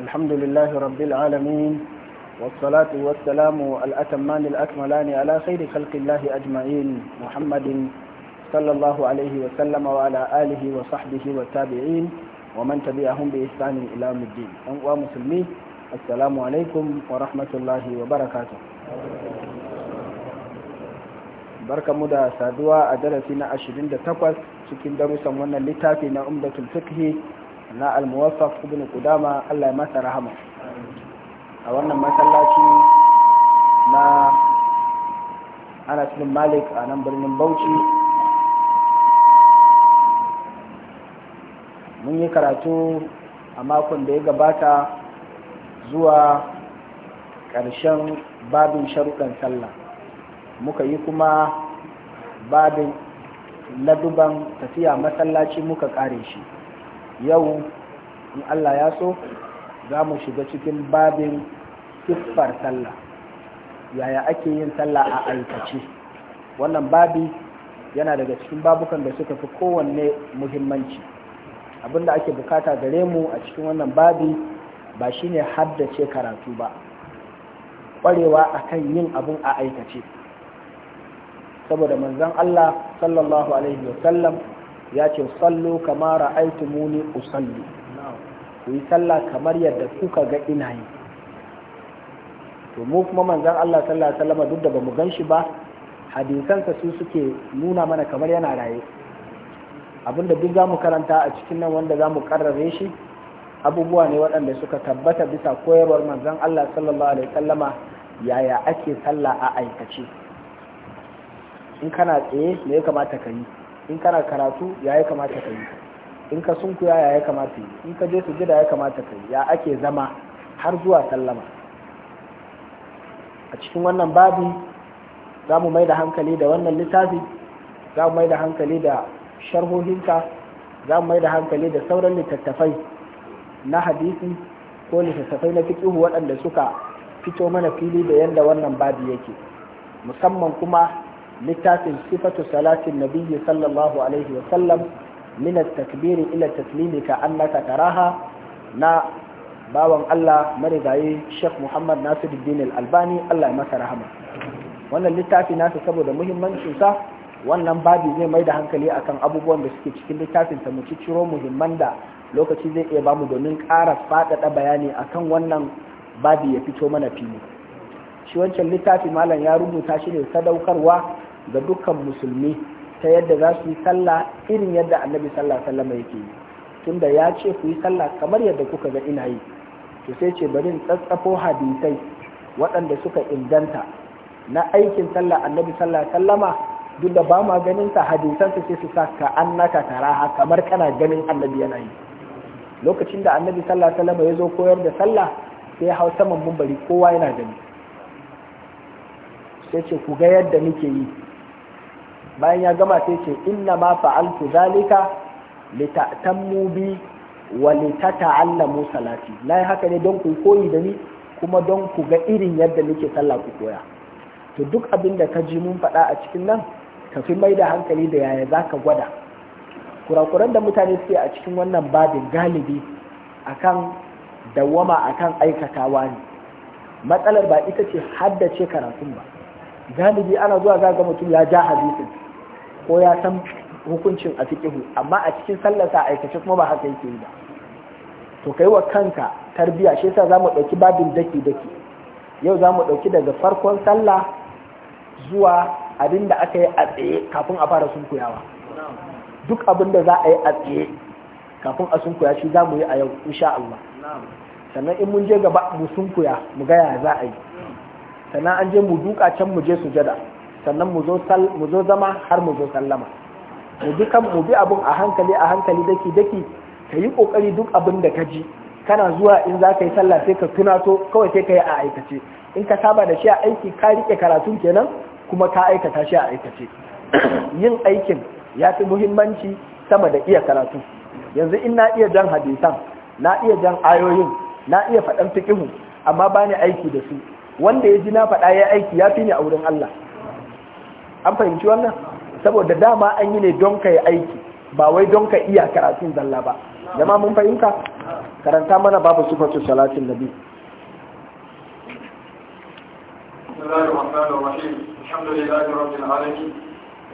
الحمد لله رب العالمين والصلاة والسلام الأتمان الأكملان على خير خلق الله أجمعين محمد صلى الله عليه وسلم وعلى آله وصحبه والتابعين ومن تبعهم بإحسان إلى يوم الدين ومسلمين السلام عليكم ورحمة الله وبركاته barka mu da saduwa a darasi na 28 cikin darussan wannan littafi na umdatul fiqh na almuwaffaq ibn qudama Allah ya masa rahama a wannan masallaci na ana cikin Malik a nan birnin Bauchi mun yi karatu a makon da ya gabata zuwa ƙarshen babin sharuɗan sallah muka yi kuma babin laduban tafiya masallaci muka ƙare shi yau in Allah ya so za mu shiga cikin babin siffar sallah yaya ake yin sallah a aikace wannan babi yana daga cikin babukan da suka fi kowanne muhimmanci abinda ake bukata gare mu a cikin wannan babi ba shine haddace karatu ba kwarewa kan yin abin a aikace saboda manzon Allah sallallahu alaihi wasallam ya ce sallo kama ra'aitu muni usalli ku yi sallah kamar yadda kuka ga ina yi to mu kuma manzan Allah sallallahu alaihi wasallam duk da bamu gan shi ba hadisansa su suke nuna mana kamar yana raye abinda duk zamu karanta a cikin nan wanda zamu karrare shi abubuwa ne waɗanda suka tabbata bisa koyarwar manzan Allah sallallahu alaihi wasallama yaya ake sallah a aikace in kana tsaye me ya kamata ka yi in kana karatu ya ya kamata ka yi in ka sunkuya ya ya kamata yi in ka je da ya kamata ka yi ya ake zama har zuwa sallama a cikin wannan babi za mu mai da hankali da wannan littafi za mu mai da hankali da sharhohinta za mu mai da hankali da sauran littattafai na hadisi ko littattafai na fikihu waɗanda suka fito mana fili da yadda wannan babi yake musamman kuma littafin sifatu salatin nabiyyi sallallahu alaihi wa sallam min at-takbir ila taslimi ka annaka taraha na bawan Allah marigayi Sheikh Muhammad Nasiruddin Al-Albani Allah ya masa rahama wannan littafi nasa saboda muhimmancin sa wannan babi zai mai da hankali akan abubuwan da suke cikin littafin ta mu ciro muhimman da lokaci zai iya bamu domin ƙara faɗaɗa bayani akan wannan babi ya fito mana fili shi wancan littafi malam ya rubuta shi ne sadaukarwa ga dukkan musulmi ta yadda za su yi sallah irin yadda annabi sallah sallama yake yi tunda ya ce ku yi sallah kamar yadda kuka ga ina yi to sai ce bari in tsatsafo hadisai waɗanda suka inganta na aikin sallah annabi sallah sallama duk da ba ma ganin ta hadisan su sai su sa ka annaka taraha kamar kana ganin annabi yana yi lokacin da annabi sallah sallama ya zo koyar da sallah sai hau saman mumbari kowa yana gani sai ce ku ga yadda nake yi bayan ya gama sai ce inna ma fa'altu zalika ta'tammu bi wa tata'allamu salati nayi haka ne don ku koyi da ni kuma don ku ga irin yadda nake sallah ku koya to duk abin da ka ji mun faɗa a cikin nan ka fi mai da hankali da yaya za ka gwada kurakuran da mutane suke a cikin wannan babin galibi akan dawwama akan aikatawa ne matsalar ba ita ce haddace karatun ba galibi ana zuwa zaga mutum ya ja hadisin ko ya san hukuncin a fiqihu amma a cikin sallarsa aikace kuma ba haka yake yi ba to kai wa kanka tarbiya shi yasa zamu ɗauki babin daki daki yau zamu ɗauki daga farkon sallah zuwa abin da aka yi a tsaye kafin a fara sunkuyawa duk abin da za a yi a tsaye kafin a sunkuya shi za mu yi a yau insha Allah sannan in mun je gaba mu sunkuya mu ga ya za a yi sannan an je mu duka can mu je sujada sannan mu zo zama har mu zo sallama mu bi kan mu bi abun a hankali a hankali daki daki ka yi kokari duk abin da ka ji kana zuwa in za ka yi sallah sai ka tunato kawai sai ka yi a aikace in ka saba da shi a aiki ka rike karatun kenan kuma ka aikata shi a aikace yin aikin ya fi muhimmanci sama da iya karatu yanzu in na iya jan hadisan na iya jan ayoyin na iya faɗan fikihu amma bani aiki da su wanda ya ji na faɗa ya aiki ya fi ni a wurin Allah an fahimci wannan saboda dama an yi ne don ka yi aiki ba wai don ka iya karatun zalla ba Yama mun fahimta karanta mana babu sufatu salatin nabi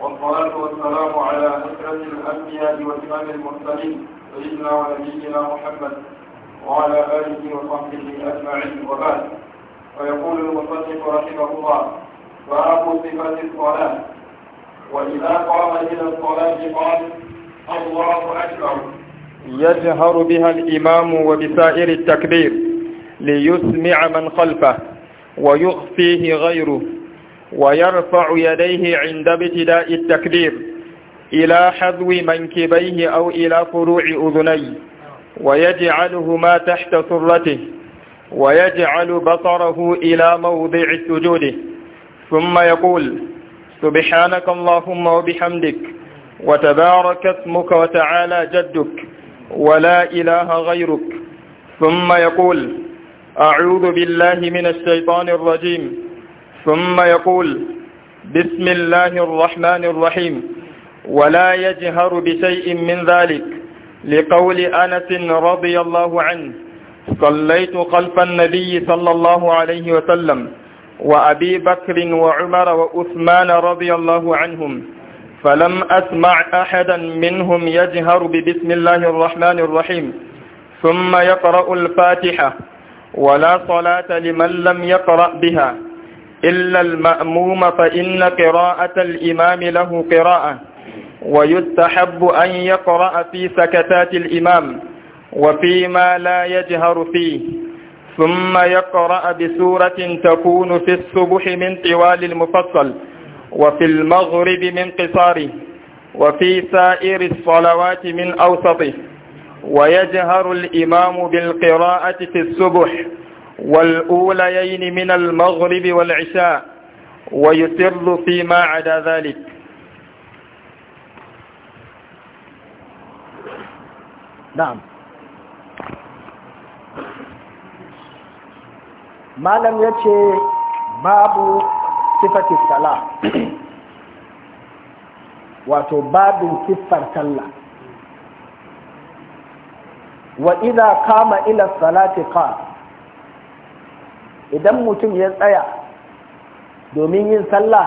والصلاة والسلام على أسرة الأنبياء وإمام المرسلين سيدنا ونبينا محمد وعلى آله وصحبه أجمعين وبعد ويقول المصنف رحمه الله باب صفات الصلاة وإذا قام إلى الصلاة قال الله أكبر يجهر بها الإمام وبسائر التكبير ليسمع من خلفه ويخفيه غيره ويرفع يديه عند ابتداء التكبير إلى حذو منكبيه أو إلى فروع أذنيه ويجعلهما تحت سرته ويجعل بصره إلى موضع سجوده ثم يقول سبحانك اللهم وبحمدك وتبارك اسمك وتعالى جدك ولا إله غيرك ثم يقول أعوذ بالله من الشيطان الرجيم ثم يقول بسم الله الرحمن الرحيم ولا يجهر بشيء من ذلك لقول أنس رضي الله عنه صليت خلف النبي صلى الله عليه وسلم وأبي بكر وعمر وأثمان رضي الله عنهم فلم أسمع أحدا منهم يجهر ببسم الله الرحمن الرحيم ثم يقرأ الفاتحة ولا صلاة لمن لم يقرأ بها إلا المأموم فإن قراءة الإمام له قراءة ويستحب أن يقرأ في سكتات الإمام وفيما لا يجهر فيه ثم يقرأ بسورة تكون في الصبح من طوال المفصل وفي المغرب من قصاره وفي سائر الصلوات من أوسطه ويجهر الإمام بالقراءة في الصبح والأوليين من المغرب والعشاء ويسر فيما عدا ذلك نعم malam ya ce babu sifati sala wato babin siffar talla, wa idza kama ila salati ka? idan mutum ya tsaya domin yin sallah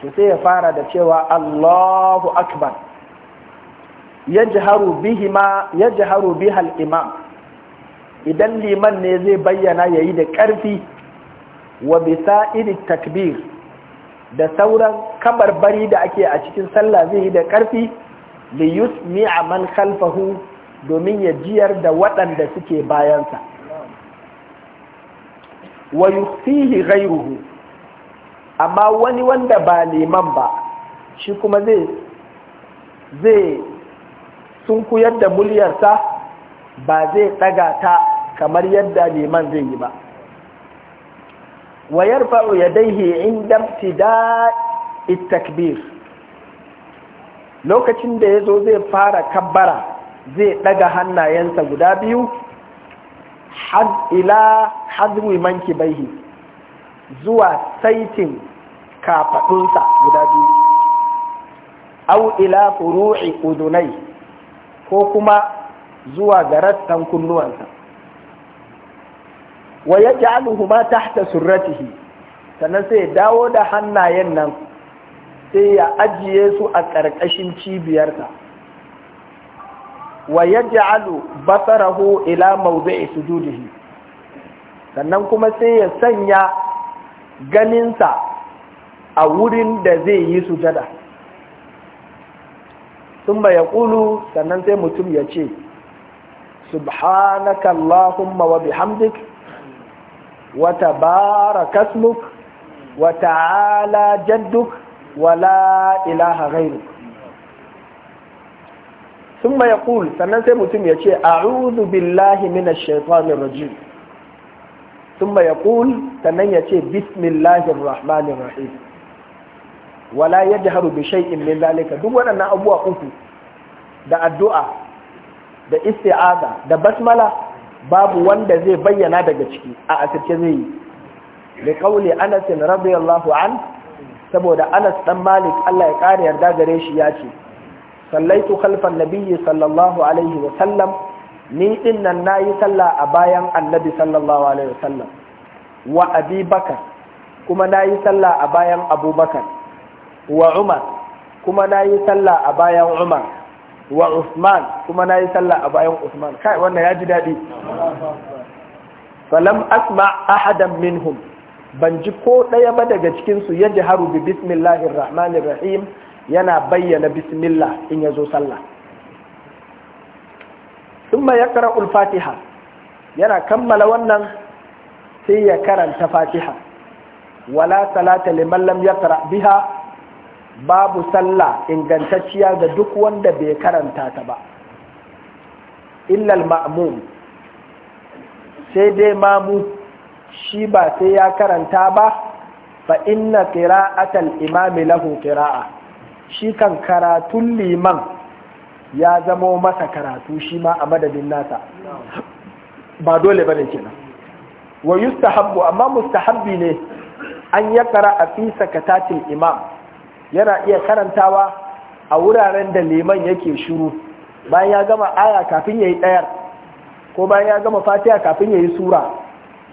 to sai ya fara da cewa Allahu akbar yajharu bihima yajharu bihal imam idan liman ne zai bayyana ya yi da ƙarfi wa bisa iri takbir da sauran kamar bari da ake a cikin sallah zai yi da ƙarfi da liyus mi'a man kalfahu domin ya jiyar da waɗanda suke bayansa wa yufihi ghayruhu amma wani wanda ba liman ba shi kuma zai zai sunkuyar da muliyarsa ba zai ɗaga ta kamar yadda liman zai yi ba wa ya yadayhi inda tida takbir lokacin da ya zo zai fara kabbara zai daga hannayensa guda biyu had ila hadwi baihi zuwa saitin kafadunsa guda biyu au ila furu'i udunai ko kuma zuwa ga rassan kunnuwansa wa ya yaj'aluhuma tahta surratihi sannan sai ya dawo da hannayen nan sai ya ajiye su a ƙarƙashin cibiyarsa wa ya yaj'alu basarahu ila mawdi'i sujudihi sannan kuma sai ya sanya ganinsa a wurin da zai yi sujada sun ya ƙulu sannan sai mutum ya ce subhanakallahumma wa wata barakasmuk wata ala jadduk wala ilaha ghairuk sun ma sannan sai mutum ya ce a'udhu billahi minash shaitanir rajim sun ma sannan ya ce bismillahir rahmanir rahim wala yajharu bi shay'in min zalika duk waɗannan abubuwa uku da addu'a da isti'aza da basmala babu wanda zai bayyana daga ciki a asirce zai yi da kauli rabbi radiyallahu an saboda anas dan malik Allah ya kare yarda gare shi ya ce sallaitu khalfan nabiyyi sallallahu alaihi wa sallam ni din nan nayi sallah a bayan annabi sallallahu alaihi wa sallam wa abi bakar kuma nayi sallah a bayan abubakar wa umar kuma nayi sallah a bayan umar wa Usman kuma na yi sallah a bayan Usman kai wannan ya ji daɗi falam asma ahadan minhum ban ji ko ɗaya ba daga cikinsu ya ji haru bi bismillahir rahmanir rahim yana bayyana bismillah in ya zo sallah summa ya kara fatiha yana kammala wannan sai ya karanta fatiha wala salata liman lam yaqra biha babu sallah ingantacciya ga duk wanda bai karanta ta ba illal ma'mum sai dai mamu shi ba sai ya karanta ba fa inna qira'atal imami lahu qira'a shi kan karatun liman ya zamo masa karatu shi ma a madadin nasa ba dole bane kenan wa yustahabbu amma mustahabbi ne an yakara a fi sakatatil imam yana iya karantawa a wuraren da liman yake shiru bayan ya gama aya kafin ya yi ɗayar ko bayan ya gama fatiha kafin ya yi sura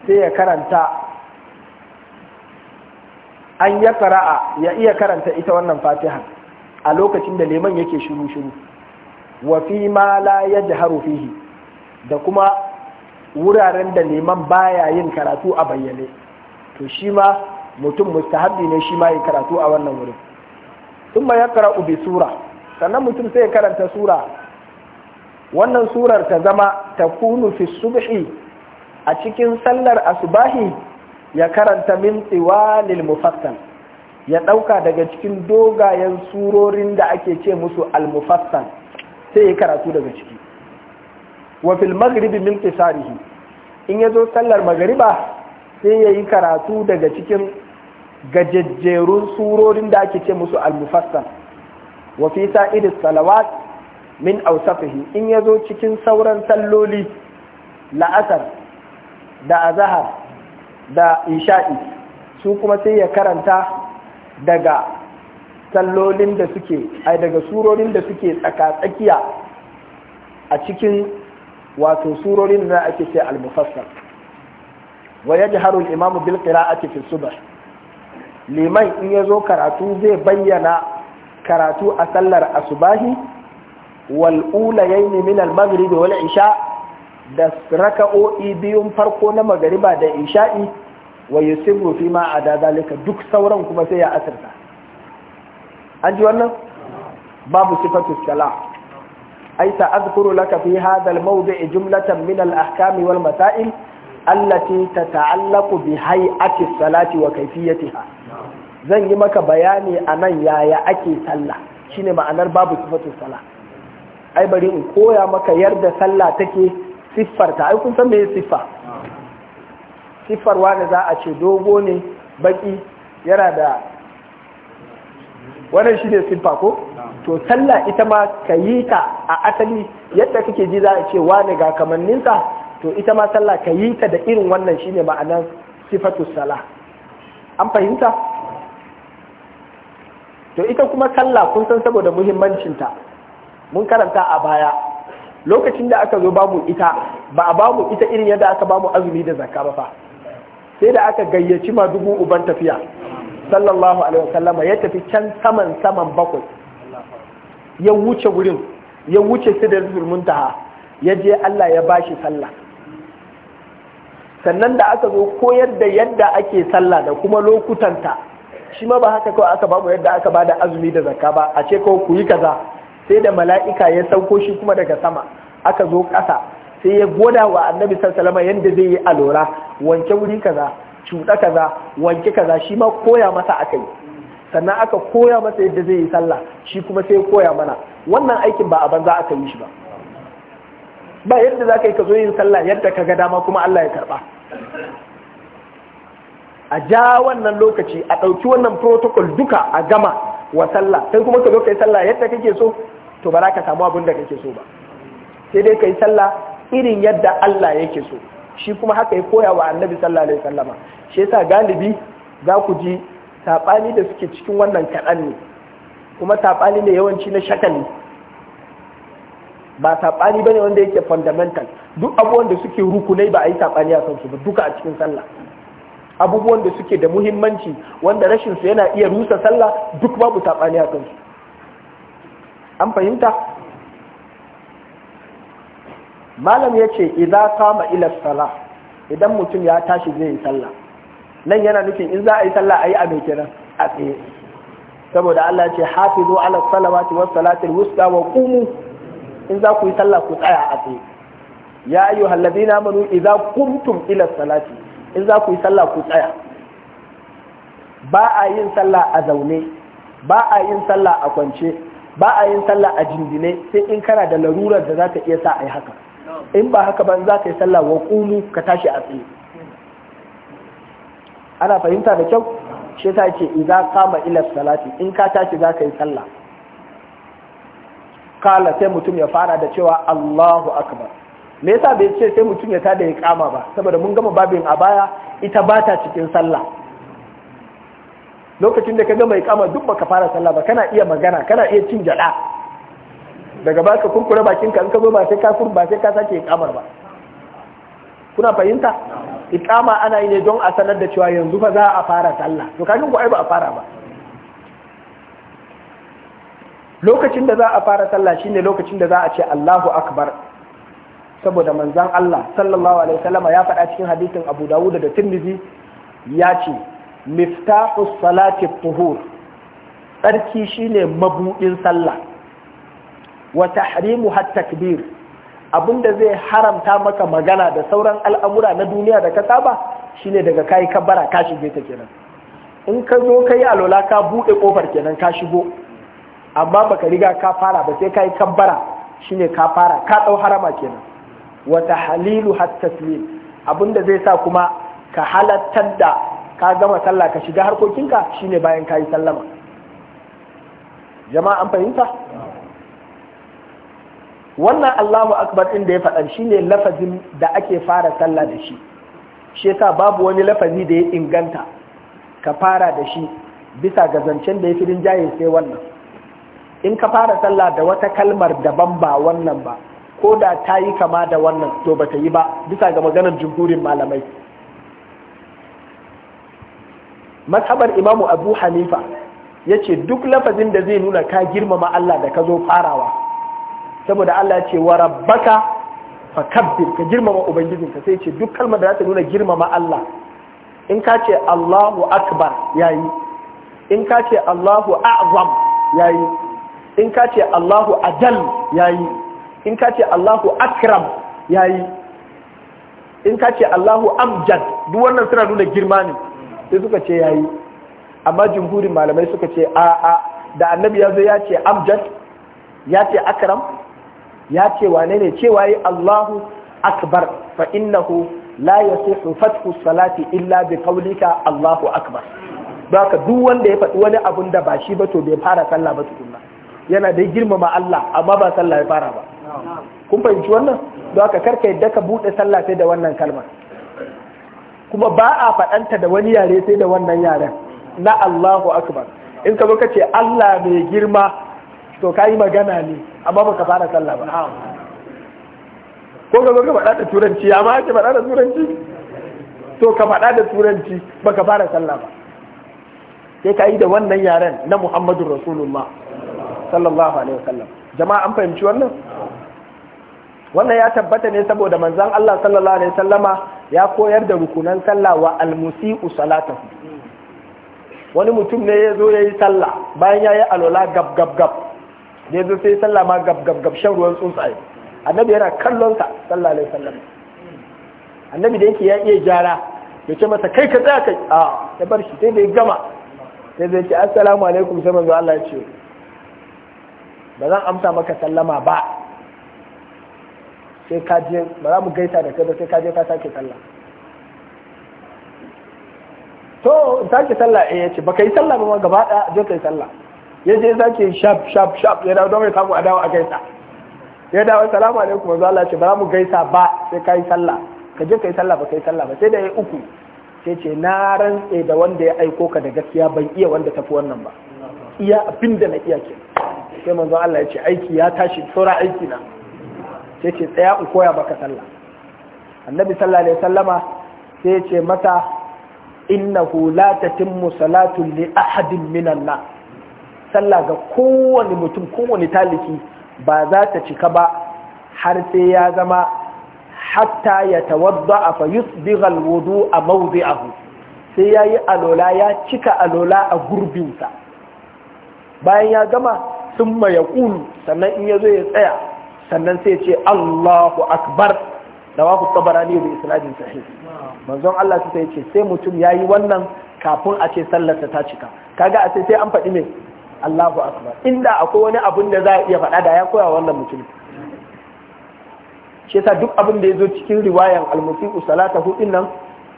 sai ya karanta an ya fara'a ya iya karanta ita wannan fatiha a lokacin da liman yake shiru-shiru Wafi ma la yajharu fihi da kuma wuraren da liman baya yin karatu a bayyane to shi ma mutum mustahabbi ne shi ma yi karatu a wannan wurin thumma yaqra'u ubi sura sannan mutum sai ya karanta sura wannan surar ta zama ta kunu fi subhi a cikin sallar asubahi ya karanta min tsiwalil mufassal ya ɗauka daga cikin dogayen surorin da ake ce musu al-mufassal sai ya karatu daga ciki wa fil maghribi min qisarihi in zo sallar magariba sai ya yi karatu daga cikin gajejjerun surorin da ake ce musu al-mufassal wa fi sa'idis salawat min awsafihi in yazo cikin sauran salloli la'asar da azhar da isha'i su kuma sai ya karanta daga sallolin da suke ai daga surorin da suke tsaka tsakiya a cikin wato surorin da ake ce al-mufassal wa yajharu al-imamu bil qira'ati fi subh liman in ya zo karatu zai bayyana karatu a sallar asubahi wal'ula ya yi min almagribi wal isha da raka'o'i biyun farko na magariba da isha'i wa yusibu fi ma a dazalika duk sauran kuma sai ya asirta an ji wannan babu sifatu salah ai ta azkuru laka fi hadha al jumlatan min al-ahkami wal masail allati tata'allaqu bi hay'ati as-salati wa kayfiyatiha zan yi maka bayani a nan yaya ake sallah shine ma'anar babu sifatu sallah ai bari in koya maka yarda sallah take siffarta ai kun san me siffa siffar wani za a ce dogo ne baki yana da wannan shi siffa ko to sallah ita ma ka yi ta a asali yadda kake ji za a ce wani ga kamanninsa to ita ma sallah ka yi ta da irin wannan shine ma'anar sifatu sallah an fahimta to ita kuma sallah kun san saboda muhimmancinta mun karanta a baya lokacin da aka zo bamu ita ba a bamu ita irin yadda aka bamu azumi da zakka ba fa sai da aka gayyaci ma dubu uban tafiya sallallahu alaihi wasallama ya tafi can saman saman bakwai ya wuce wurin ya wuce sidratul muntaha ya je Allah ya bashi sallah sannan da aka zo koyar da yadda ake sallah da kuma lokutanta shi ma ba haka kawai aka bamu yadda aka bada azumi da zakka ba a ce kawai ku yi kaza sai da mala'ika ya sauko shi kuma daga sama aka zo ƙasa sai ya goda wa annabi sallallahu alaihi yadda zai yi alora wanke wuri kaza cuɗa kaza wanke kaza shi ma koya masa aka sannan aka koya masa yadda zai yi sallah shi kuma sai koya mana wannan aikin ba a banza aka yi shi ba ba yadda za ka yi ka zo yin sallah yadda ka ga dama kuma Allah ya karɓa a ja wannan lokaci a ɗauki wannan protocol duka a gama wa sallah sai kuma ka zo kai sallah yadda kake so to ba za ka samu abin da kake so ba sai dai kai sallah irin yadda Allah yake so shi kuma haka ya koya wa annabi sallah alaihi sallama, shi yasa galibi za ku ji saɓani da suke cikin wannan kaɗan ne kuma saɓani ne yawanci na shakali ba saɓani ba ne wanda yake fundamental duk abubuwan da suke rukunai ba a yi saɓani a sansu ba duka a cikin sallah abubuwan da suke da muhimmanci wanda rashin su yana iya rusa sallah duk babu sabani a su. an fahimta malam ya ce idza qama ila salah idan mutum ya tashi zai yi sallah nan yana nufin in za a yi sallah ayi a mai kenan a tsaye saboda Allah ce hafizu ala salawati was salatil wusta wa qumu in za ku yi sallah ku tsaya a tsaye ya ayyuhal ladina amanu idza qumtum ila salati in za ku yi sallah ku tsaya ba a yin sallah a zaune ba a yin sallah a kwance ba a yin sallah a jindine sai in kana da larurar da za ka iya sa a yi haka in ba haka ba za ka yi sallah wa ƙumu ka tashi a tsaye ana fahimta da kyau shi ta ce za kama ila salati in ka tashi za ka yi sallah kala sai mutum ya fara da cewa Allahu akbar me yasa bai ce sai mutum ya tada ya kama ba saboda mun gama babin a baya ita ba ta cikin sallah lokacin da ka gama ya kama duk baka fara sallah ba kana iya magana kana iya cin jada daga ba ka kurkure bakin ka in ka zo ba sai ka kur ba sai ka sake kama ba kuna fahimta ikama ana yi ne don a sanar da cewa yanzu fa za a fara sallah to kafin ku ai ba a fara ba lokacin da za a fara sallah shine lokacin da za a ce Allahu akbar saboda manzan Allah sallallahu alaihi sallama ya faɗa cikin hadisin Abu Dawud da Tirmidhi ya ce miftahu salati tuhur tsarki shine mabuɗin sallah wa tahrimu hat takbir abinda zai haramta maka magana da sauran al'amura na duniya da ka saba shine daga kai kabara ka shige ta kenan in ka zo kai alola ka buɗe kofar kenan ka shigo amma baka riga ka fara ba sai kai kabbara shine ka fara ka dau harama kenan wa tahlilu hatta taslim abinda zai sa kuma ka halattar da ka gama sallah ka shiga harkokinka shine bayan kayi sallama jama'a an fahimta wannan Allahu akbar din da ya faɗa shine lafazin da ake fara sallah da shi shi yasa babu wani lafazi da ya inganta ka fara da shi bisa ga zancen da ya fidin jaye sai wannan in ka fara sallah da wata kalmar daban ba wannan ba ko da ta yi kama da wannan to ba ta yi ba bisa ga maganar jumhurin malamai matsabar imamu abu hanifa ya ce duk lafazin da zai nuna ka girmama Allah da ka zo farawa saboda Allah ya ce wa rabbaka fa kabbir ka girmama ubangijinka sai ce duk kalmar da za ta nuna girmama Allah in ka ce Allahu akbar yayi in ka ce Allahu a'zam yayi in ka ce Allahu ajal yayi in ka ce Allahu akram yayi in ka ce Allahu amjad duk wannan suna nuna girma ne sai suka ce yayi amma jumhurin malamai suka ce a a da annabi ya zo ya ce amjad ya ce akram ya ce wane ne cewa yi Allahu akbar fa innahu la yasihu fathu salati illa bi qawlika Allahu akbar ka duk wanda ya faɗi wani abun da ba shi ba to bai fara sallah ba tukunna yana da girmama Allah amma ba sallah ya fara ba kun fahimci wannan don aka karka yadda ka buɗe sallah sai da wannan kalmar kuma ba a faɗanta da wani yare sai da wannan yaren na Allahu akbar in ka zo ka ce Allah mai girma to ka yi magana ne amma baka fara sallah ba ko ka zo ka faɗa da turanci amma ake faɗa da turanci to ka faɗa da turanci baka fara sallah ba sai ka yi da wannan yaren na Muhammadu Rasulullah sallallahu alaihi wasallam jama'a an fahimci wannan wannan ya tabbata ne saboda manzan Allah sallallahu alaihi wasallama ya koyar da rukunan sallah wa almusi'u su. wani mutum ne ya zo ya yi sallah bayan ya yi alola gab gab gab ya zo sai sallah ma gab gab gab shan ruwan tsuntsaye annabi yana kallon sa sallallahu alaihi wasallam annabi da yake ya iya gyara ya ce masa kai ka tsaya kai a ya bar shi sai da ya gama sai zai ce assalamu alaikum sai manzo Allah ya ce ba zan amsa maka sallama ba sai ka je ba za mu gaita da kai ba sai ka je ka sake sallah to sake sallah eh yace baka yi sallah ba ma gaba da je kai sallah je sake sharp sharp sharp ya dawo mai samu adawa a gaisa ya dawo salamu alaikum wanzu Allah ce ba za mu gaisa ba sai ka yi sallah ka je kai sallah ba kai sallah ba sai da ya uku sai ce na rantse da wanda ya aiko ka da gaskiya ban iya wanda tafi wannan ba iya abin da na iya ke sai manzo Allah ya ce aiki ya tashi saura aiki na sai ce tsaya in koya maka sallah annabi sallallahu alaihi wasallama sai ya ce mata innahu la tatimmu salatu li ahadin minan na sallah ga kowane mutum kowane taliki ba za ta cika ba har sai ya zama hatta ya tawadda fa yusbigha alwudu a mawdi'ahu sai yayi alola ya cika alola a gurbinsa bayan ya gama sun ya sannan in ya zo ya tsaya sannan sai ce Allahu akbar da waku ne da isnadin sahih manzon Allah sai ce sai mutum ya yi wannan kafin a ce sallarsa ta cika kaga a sai sai an faɗi me Allahu akbar inda akwai wani abun da za a iya faɗa da ya koya wannan mutum shi yasa duk abin da ya zo cikin riwayan al-musiqu salatahu nan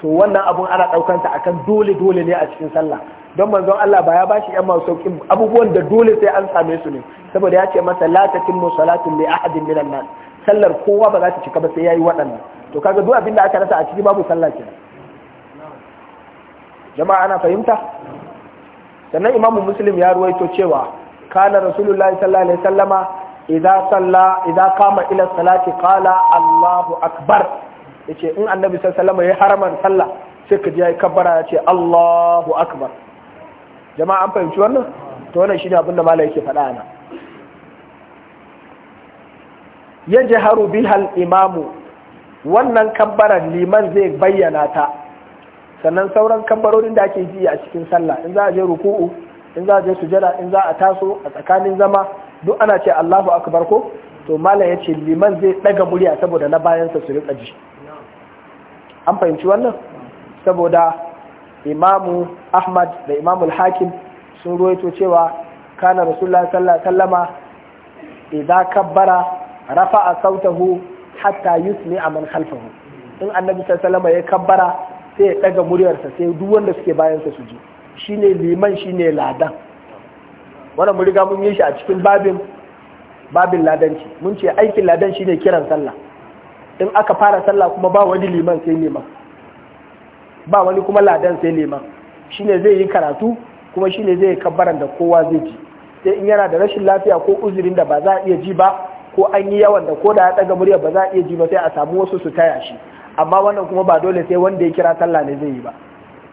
to wannan abun ana ɗaukanta akan dole dole ne a cikin sallah don manzon Allah ba ya bashi yan masu sauƙin abubuwan da dole sai an same su ne saboda ya ce masa la tatimmu salatun li ahadin minan nas sallar kowa ba za ta cika ba sai yayi waɗannan to kaga duk abin da aka rasa a ciki babu sallah kenan jama'a ana fahimta sannan imamu muslim ya ruwaito cewa kana rasulullahi sallallahu alaihi wasallama idza salla idza qama ila salati qala allahu akbar yace in annabi sallallahu alaihi wasallam ya haraman sallah sai ka ji yayi kabbara yace Allahu akbar jama'a an fahimci wannan to wannan shine abin da malai yake faɗa ana yajharu biha al-imamu wannan kabbarar liman zai bayyana ta sannan sauran kabbarorin da ake ji a cikin sallah in za a je ruku'u in za a je sujada in za a taso a tsakanin zama duk ana ce Allahu akbar ko to mala ya ce liman zai ɗaga murya saboda na bayansa su rika ji an fahimci wannan saboda imamu ahmad da imamu hakim sun ruwaito cewa kana rasulullah sallallahu alaihi wasallama idza kabbara rafa'a sautahu hatta yusmi a man khalfahu in annabi sallallahu ya kabbara sai ya daga muryarsa sai duk wanda suke bayansa su ji shine liman shine ladan wannan mun riga mun yi shi a cikin babin babin ladanci mun ce aikin ladan shine kiran sallah in aka fara sallah kuma ba wani liman sai liman ba wani kuma ladan sai liman ne zai yi karatu kuma shine zai kabbaran da kowa zai ji sai in yana da rashin lafiya ko uzurin da ba za a iya ji ba ko an yi yawan da ko da ya daga murya ba za a iya ji ba sai a samu wasu su taya shi amma wannan kuma ba dole sai wanda ya kira sallah ne zai yi ba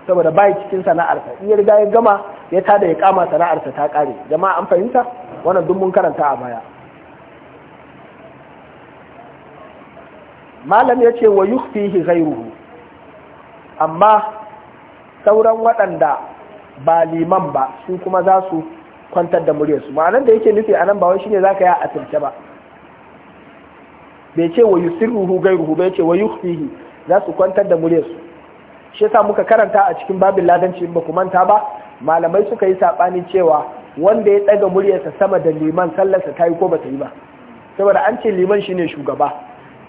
saboda bai cikin sana'arsa in ya riga ya gama ya tada ya kama sana'arsa ta kare jama'a an fahimta wannan duk mun karanta a baya malam ya ce wa yukfihi ghairuhu amma sauran waɗanda ba liman ba su kuma za su kwantar da muryarsu ma'anar da yake nufi anan ba wai shine zaka yi a asirce ba bai ce wa yusirruhu ghairuhu bai ce wa yufihi za su kwantar da muryarsu shi yasa muka karanta a cikin babin ladanci in ba ku manta ba malamai suka yi saɓani cewa wanda ya ɗaga muryarsa sama da liman sallarsa ta yi ko ba ta yi ba saboda an ce liman shine shugaba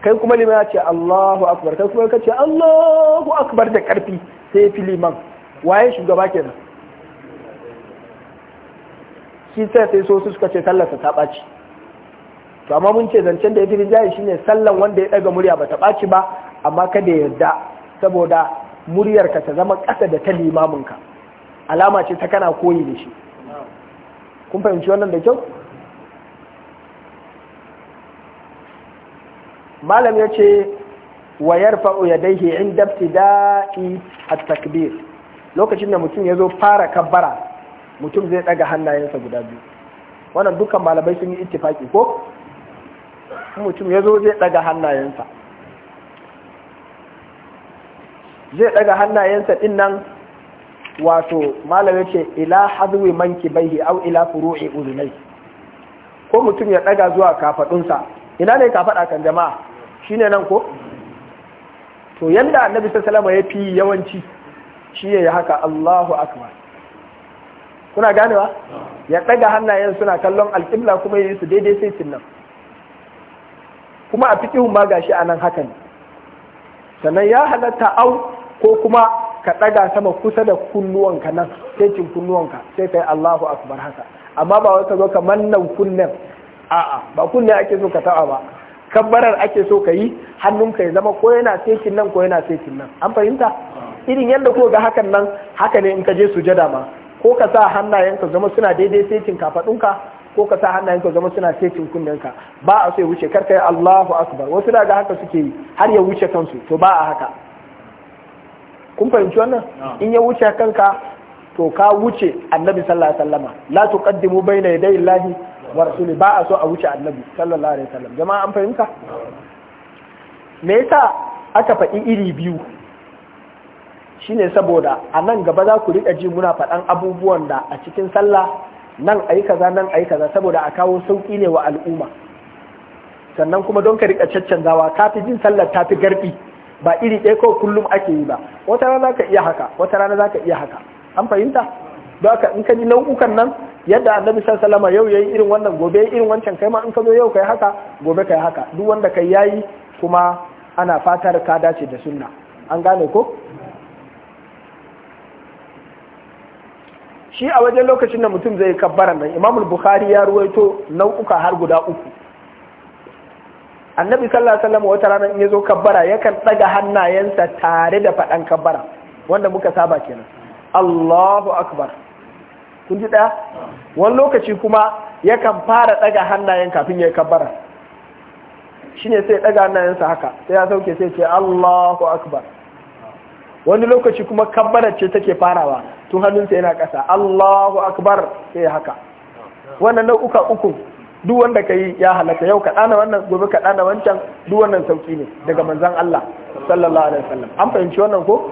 kai kuma lima ya ce Allahu akbar kai kuma ka ce Allahu akbar da karfi sai ya fi liman waye shugaba kenan shi sai sai so su suka ce sallarsa ta ɓaci to amma mun ce zancen da ya fi rinjaye shine sallan wanda ya ɗaga murya ba ta ɓaci ba amma kada ya yarda saboda muryarka ta zama ƙasa da ta ka. alama ce ta kana koyi da shi kun fahimci wannan da kyau malam ya ce wa daihe in dafti da'i a takbir lokacin da mutum ya zo fara kabbara mutum zai daga hannayensa guda biyu wannan dukkan malamai sun yi ittifaki ko mutum ya zo zai daga hannayensa zai daga hannayensa din nan wato malamai ce ila hazwi manki baihi au ila furu'i uzunai ko mutum ya daga zuwa kafaɗunsa, ina ne kafaɗa kan jama'a Shi ne nan ko to yadda annabi sallallahu ya fi yawanci shi ya haka Allahu akbar kuna ganewa ya ɗaga hannayen suna kallon alƙibla kuma yi su daidai sai nan kuma a fiƙihun ma gashi a nan haka ne sannan ya halatta au ko kuma ka ɗaga sama kusa da kunnuwanka nan sai cin kunnuwanka sai kai Allahu akbar haka amma ba wata zo ka mannan kunnen a'a ba kunne ake so ka taɓa ba kabbarar ake so ka yi hannunka ya zama ko yana sekin nan ko yana sekin nan an fahimta irin yadda ko ga hakan nan haka ne in ka je sujada ma ko ka sa hannayenka zama suna daidai sekin kafadunka ko ka sa hannayenka zama suna sekin kunnenka ba a so ya wuce karka yi Allahu akbar wasu daga haka suke yi har ya wuce kansu to ba a haka kun fahimci wannan in ya wuce kanka to ka wuce annabi sallallahu alaihi wasallama la tuqaddimu bayna yadayi llahi wa rasuli ba a so a wuce annabi sallallahu alaihi wasallam jama'a an fahimta me yasa aka faɗi iri biyu shine saboda a nan gaba za ku riƙa ji muna faɗan abubuwan da a cikin sallah nan ayi kaza nan ayi kaza saboda a kawo sauƙi ne wa al'umma sannan kuma don ka riƙa caccanzawa ka fi jin sallar ta fi garbi ba iri ɗaya ko kullum ake yi ba wata rana za ka iya haka wata rana za ka iya haka an fahimta don haka in ka ji nau'ukan nan yadda annabi sallallahu salama yau yayi irin wannan gobe irin wancan kai ma in ka zo yau kai haka gobe kai haka duk wanda kai yayi kuma ana fatar ka dace da sunna an gane ko shi a wajen lokacin da mutum zai kabbara nan imamul bukhari ya ruwaito nau'uka har guda uku annabi sallallahu alaihi wasallam wata rana in yazo zo kabbara yakan daga hannayensa tare da faɗan kabbara wanda muka saba kenan Allahu akbar kun ji ɗaya wani lokaci kuma yakan fara ɗaga hannayen kafin ya kabbara ne sai ɗaga hannayensa haka sai ya sauke sai ce Allahu akbar wani lokaci kuma kabbarar ce take farawa tun hannunsa yana ƙasa Allahu akbar sai ya haka wannan nau'uka uku duk wanda ka yi ya halaka yau ka ɗana wannan gobe ka ɗana wancan duk wannan sauki ne daga manzan Allah sallallahu alaihi wasallam an fahimci wannan ko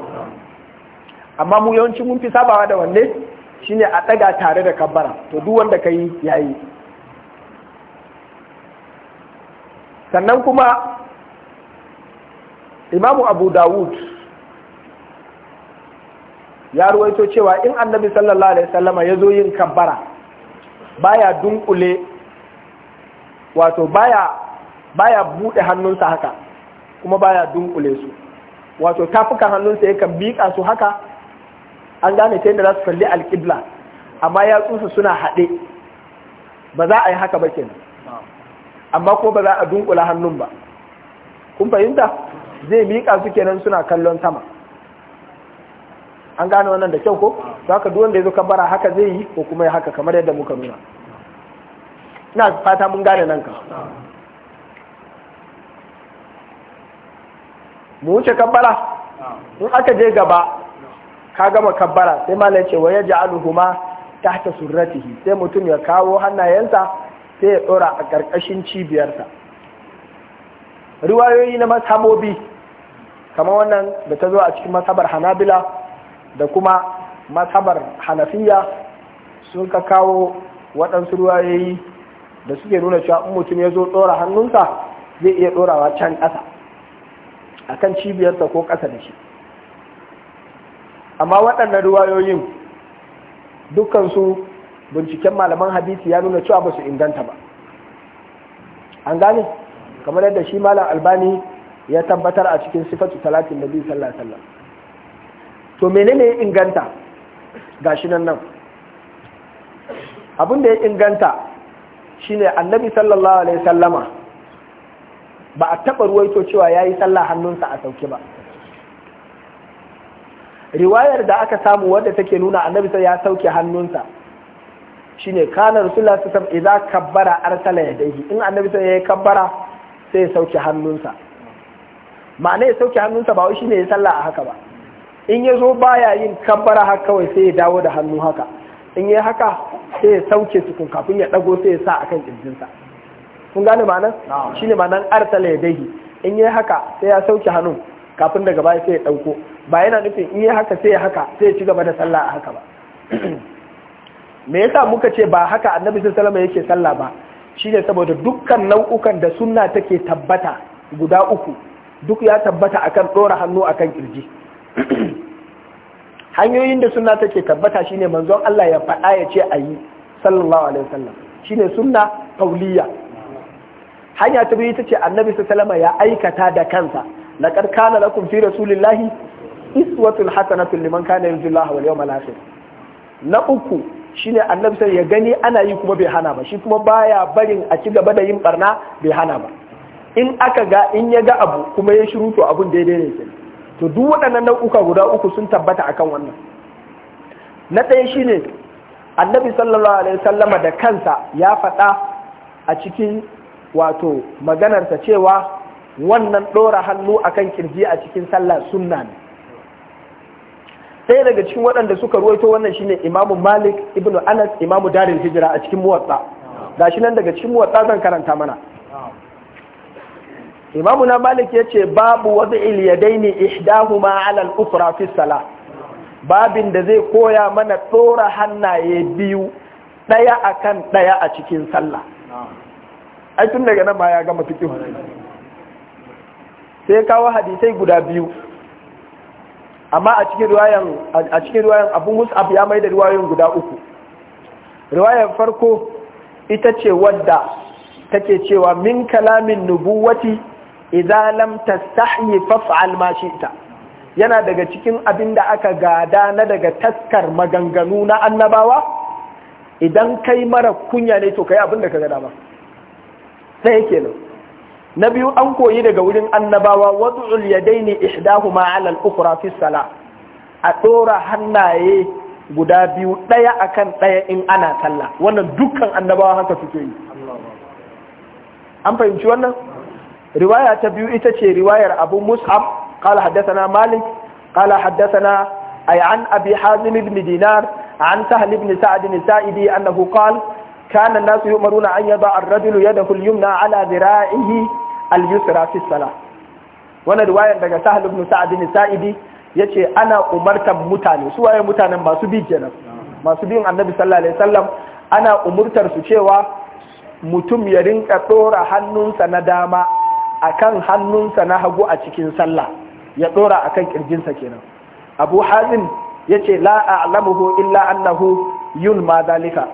amma mu yawanci mun fi sabawa da wanne shine a ɗaga tare da kabbara to duk wanda ka yi ya yi sannan kuma imamu abu dawud ya ruwaito cewa in annabi sallallahu alaihi wasallama ya zo yin kabbara baya dunkule wato baya baya buɗe hannunsa haka kuma baya dunkule su wato tafukan hannunsa yakan bika su haka an gane ta yadda za su kalli alƙibla amma yatsunsu suna haɗe ba za a yi haka ba kenan amma ko ba za a dunkula hannun ba kun fahimta zai miƙa su kenan suna kallon sama an gane wannan da kyau ko to haka duwan da ya zo kabara haka zai yi ko kuma ya haka kamar yadda muka nuna ina fata mun gane nan ka mu wuce kabbala in aka je gaba ka gama kabbara sai malam ya ce wa ta tahta surratihi sai mutum ya kawo hannayensa sai ya tsora a ƙarƙashin cibiyarsa riwayoyi na mashabobi kamar wannan da ta zo a cikin mashabar hanabila da kuma mashabar hanafiya sun ka kawo waɗansu ruwayoyi da suke nuna cewa in mutum ya zo tsora hannunsa zai iya ɗorawa can ƙasa akan cibiyarsa ko ƙasa da shi amma waɗannan ruwayoyin dukansu binciken malaman hadisi ya nuna cewa basu su inganta ba an gane kamar yadda shi malam albani ya tabbatar a cikin sifatu talatin da biyu sallah sallah to menene ya inganta shi nan nan abin da ya inganta shine annabi sallallahu alaihi sallama ba a taɓa ruwaito cewa ya yi sallah hannunsa a sauke ba riwayar da aka samu wadda take nuna annabi sai ya sauke hannunsa shine kana rasulullah sallallahu alaihi wasallam idza kabbara arsala yadayhi in annabi sai ya kabbara sai ya sauke hannunsa ma'ana ya sauke hannunsa ba wai shine ya salla a haka ba in ya zo baya yin kabbara haka kawai sai ya dawo da hannu haka in ya haka sai ya sauke tukun kafin ya dago sai ya sa akan kirjinsa kun gane ma'anar shine ma'anar arsala yadayhi in ya haka sai ya sauke hannun kafin daga baya sai ya ɗauko ba yana nufin in yi haka sai ya haka sai ya ci gaba da sallah a haka ba me yasa muka ce ba haka annabi sallallahu yake sallah ba shine saboda dukkan nau'ukan da sunna take tabbata guda uku duk ya tabbata akan ɗora hannu akan kirji hanyoyin da suna take tabbata shine manzon Allah ya faɗa ya ce a yi sallallahu alaihi wasallam shine sunna kauliya hanya ta biyu ita ce annabi sallallahu ya aikata da kansa laqad kana lakum fi rasulillahi iswatul hasanatu liman kana yarju Allah wal yawmal akhir na uku shine annabi sai ya gani ana yi kuma bai hana ba shi kuma baya barin a ci gaba da yin barna bai hana ba in aka ga in ya ga abu kuma ya shiru to abun daidai ne kenan to duk waɗannan nau'uka guda uku sun tabbata akan wannan na ɗaya shine annabi sallallahu alaihi sallama da kansa ya faɗa a cikin wato maganarsa cewa wannan ɗora hannu akan kirji a cikin sallah sunna ne Sai daga cikin waɗanda suka ruwaito wannan shine imamu malik ibnu anas imamu darin hijira a cikin muwatsa shi nan daga cikin muwatsa zan karanta mana imamu na malik ya ce babu iliyadai ilyadaini ihdahuma alal al-ukhra fi sala. babin da zai koya mana tsora hannaye biyu ɗaya akan ɗaya a cikin sallah ai tun daga nan ba ya gama fiqh sai kawo hadisai guda biyu amma a cikin ruwayan a cikin ruwayan Abu Mus'ab ya mai da ruwayan guda uku riwayar farko ita ce wadda take cewa min kalamin nubuwati idza lam tastahi faf'al ma shi'ta yana daga cikin abin da aka gada na daga taskar maganganu na annabawa idan kai mara kunya ne to kai abin da ka gada ba sai kenan na biyu an koyi daga wurin annabawa wadu'ul yadaini ihdahuma ala al-ukhra fi sala a dora hannaye guda biyu ɗaya akan ɗaya in ana sallah wannan dukkan annabawa haka suke yi an fahimci wannan riwaya ta biyu ita ce riwayar Abu Mus'ab qala haddathana Malik qala haddathana ay an Abi Hazim ibn Dinar an Sahl ibn Sa'd al-Sa'idi annahu qala كان الناس يؤمرون أن يضع الرجل يده اليمنى على ذراعه al-yusra fi salah wannan riwayar daga Sahal ibn sa'ad bin Sa'idi yace ana umartan mutane su waye mutanen masu bi kenan masu bin Annabi sallallahu alaihi wasallam ana umurtar su cewa mutum ya rinka dora hannunsa na dama akan hannunsa na hagu a cikin sallah ya dora akan kirjinsa kenan Abu Hazim yace la a'lamuhu illa annahu ma dalika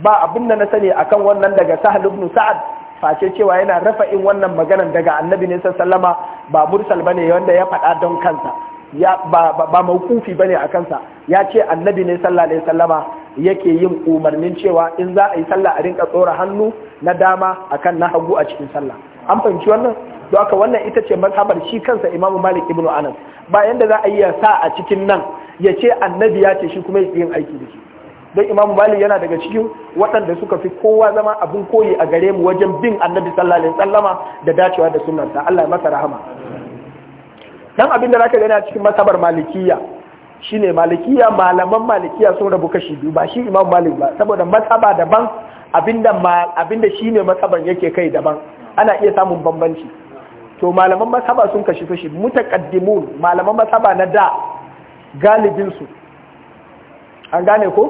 ba abinda na sani akan wannan daga Sahal ibn sa'ad face cewa yana rafa'in wannan maganan daga annabi ne sallama ba mursal bane wanda ya faɗa don kansa ya ba ba, bane a kansa ya ce annabi ne sallallahu alaihi sallama yake yin umarnin cewa in za a yi sallah a rinka tsora hannu na dama akan na hagu a cikin sallah an fahimci wannan don haka wannan ita ce mazhabar shi kansa Imam Malik Ibnu Anas Ba da za a yi sa a cikin nan ya ce annabi ya ce shi kuma yin aiki da shi dai imamu malik yana daga cikin waɗanda suka fi kowa zama abin koyi a gare mu wajen bin annabi sallallahu alaihi wasallama da dacewa da sunnarsa Allah ya masa rahama dan abin da zaka gani a cikin masabar malikiya shine malikiya malaman malikiya sun rabu kashi biyu ba shi imamu malik ba saboda masaba daban abinda abinda shine masaban yake kai daban ana iya samun bambanci to malaman masaba sun kashi kashi mutaqaddimun malaman masaba na da galibin su an gane ko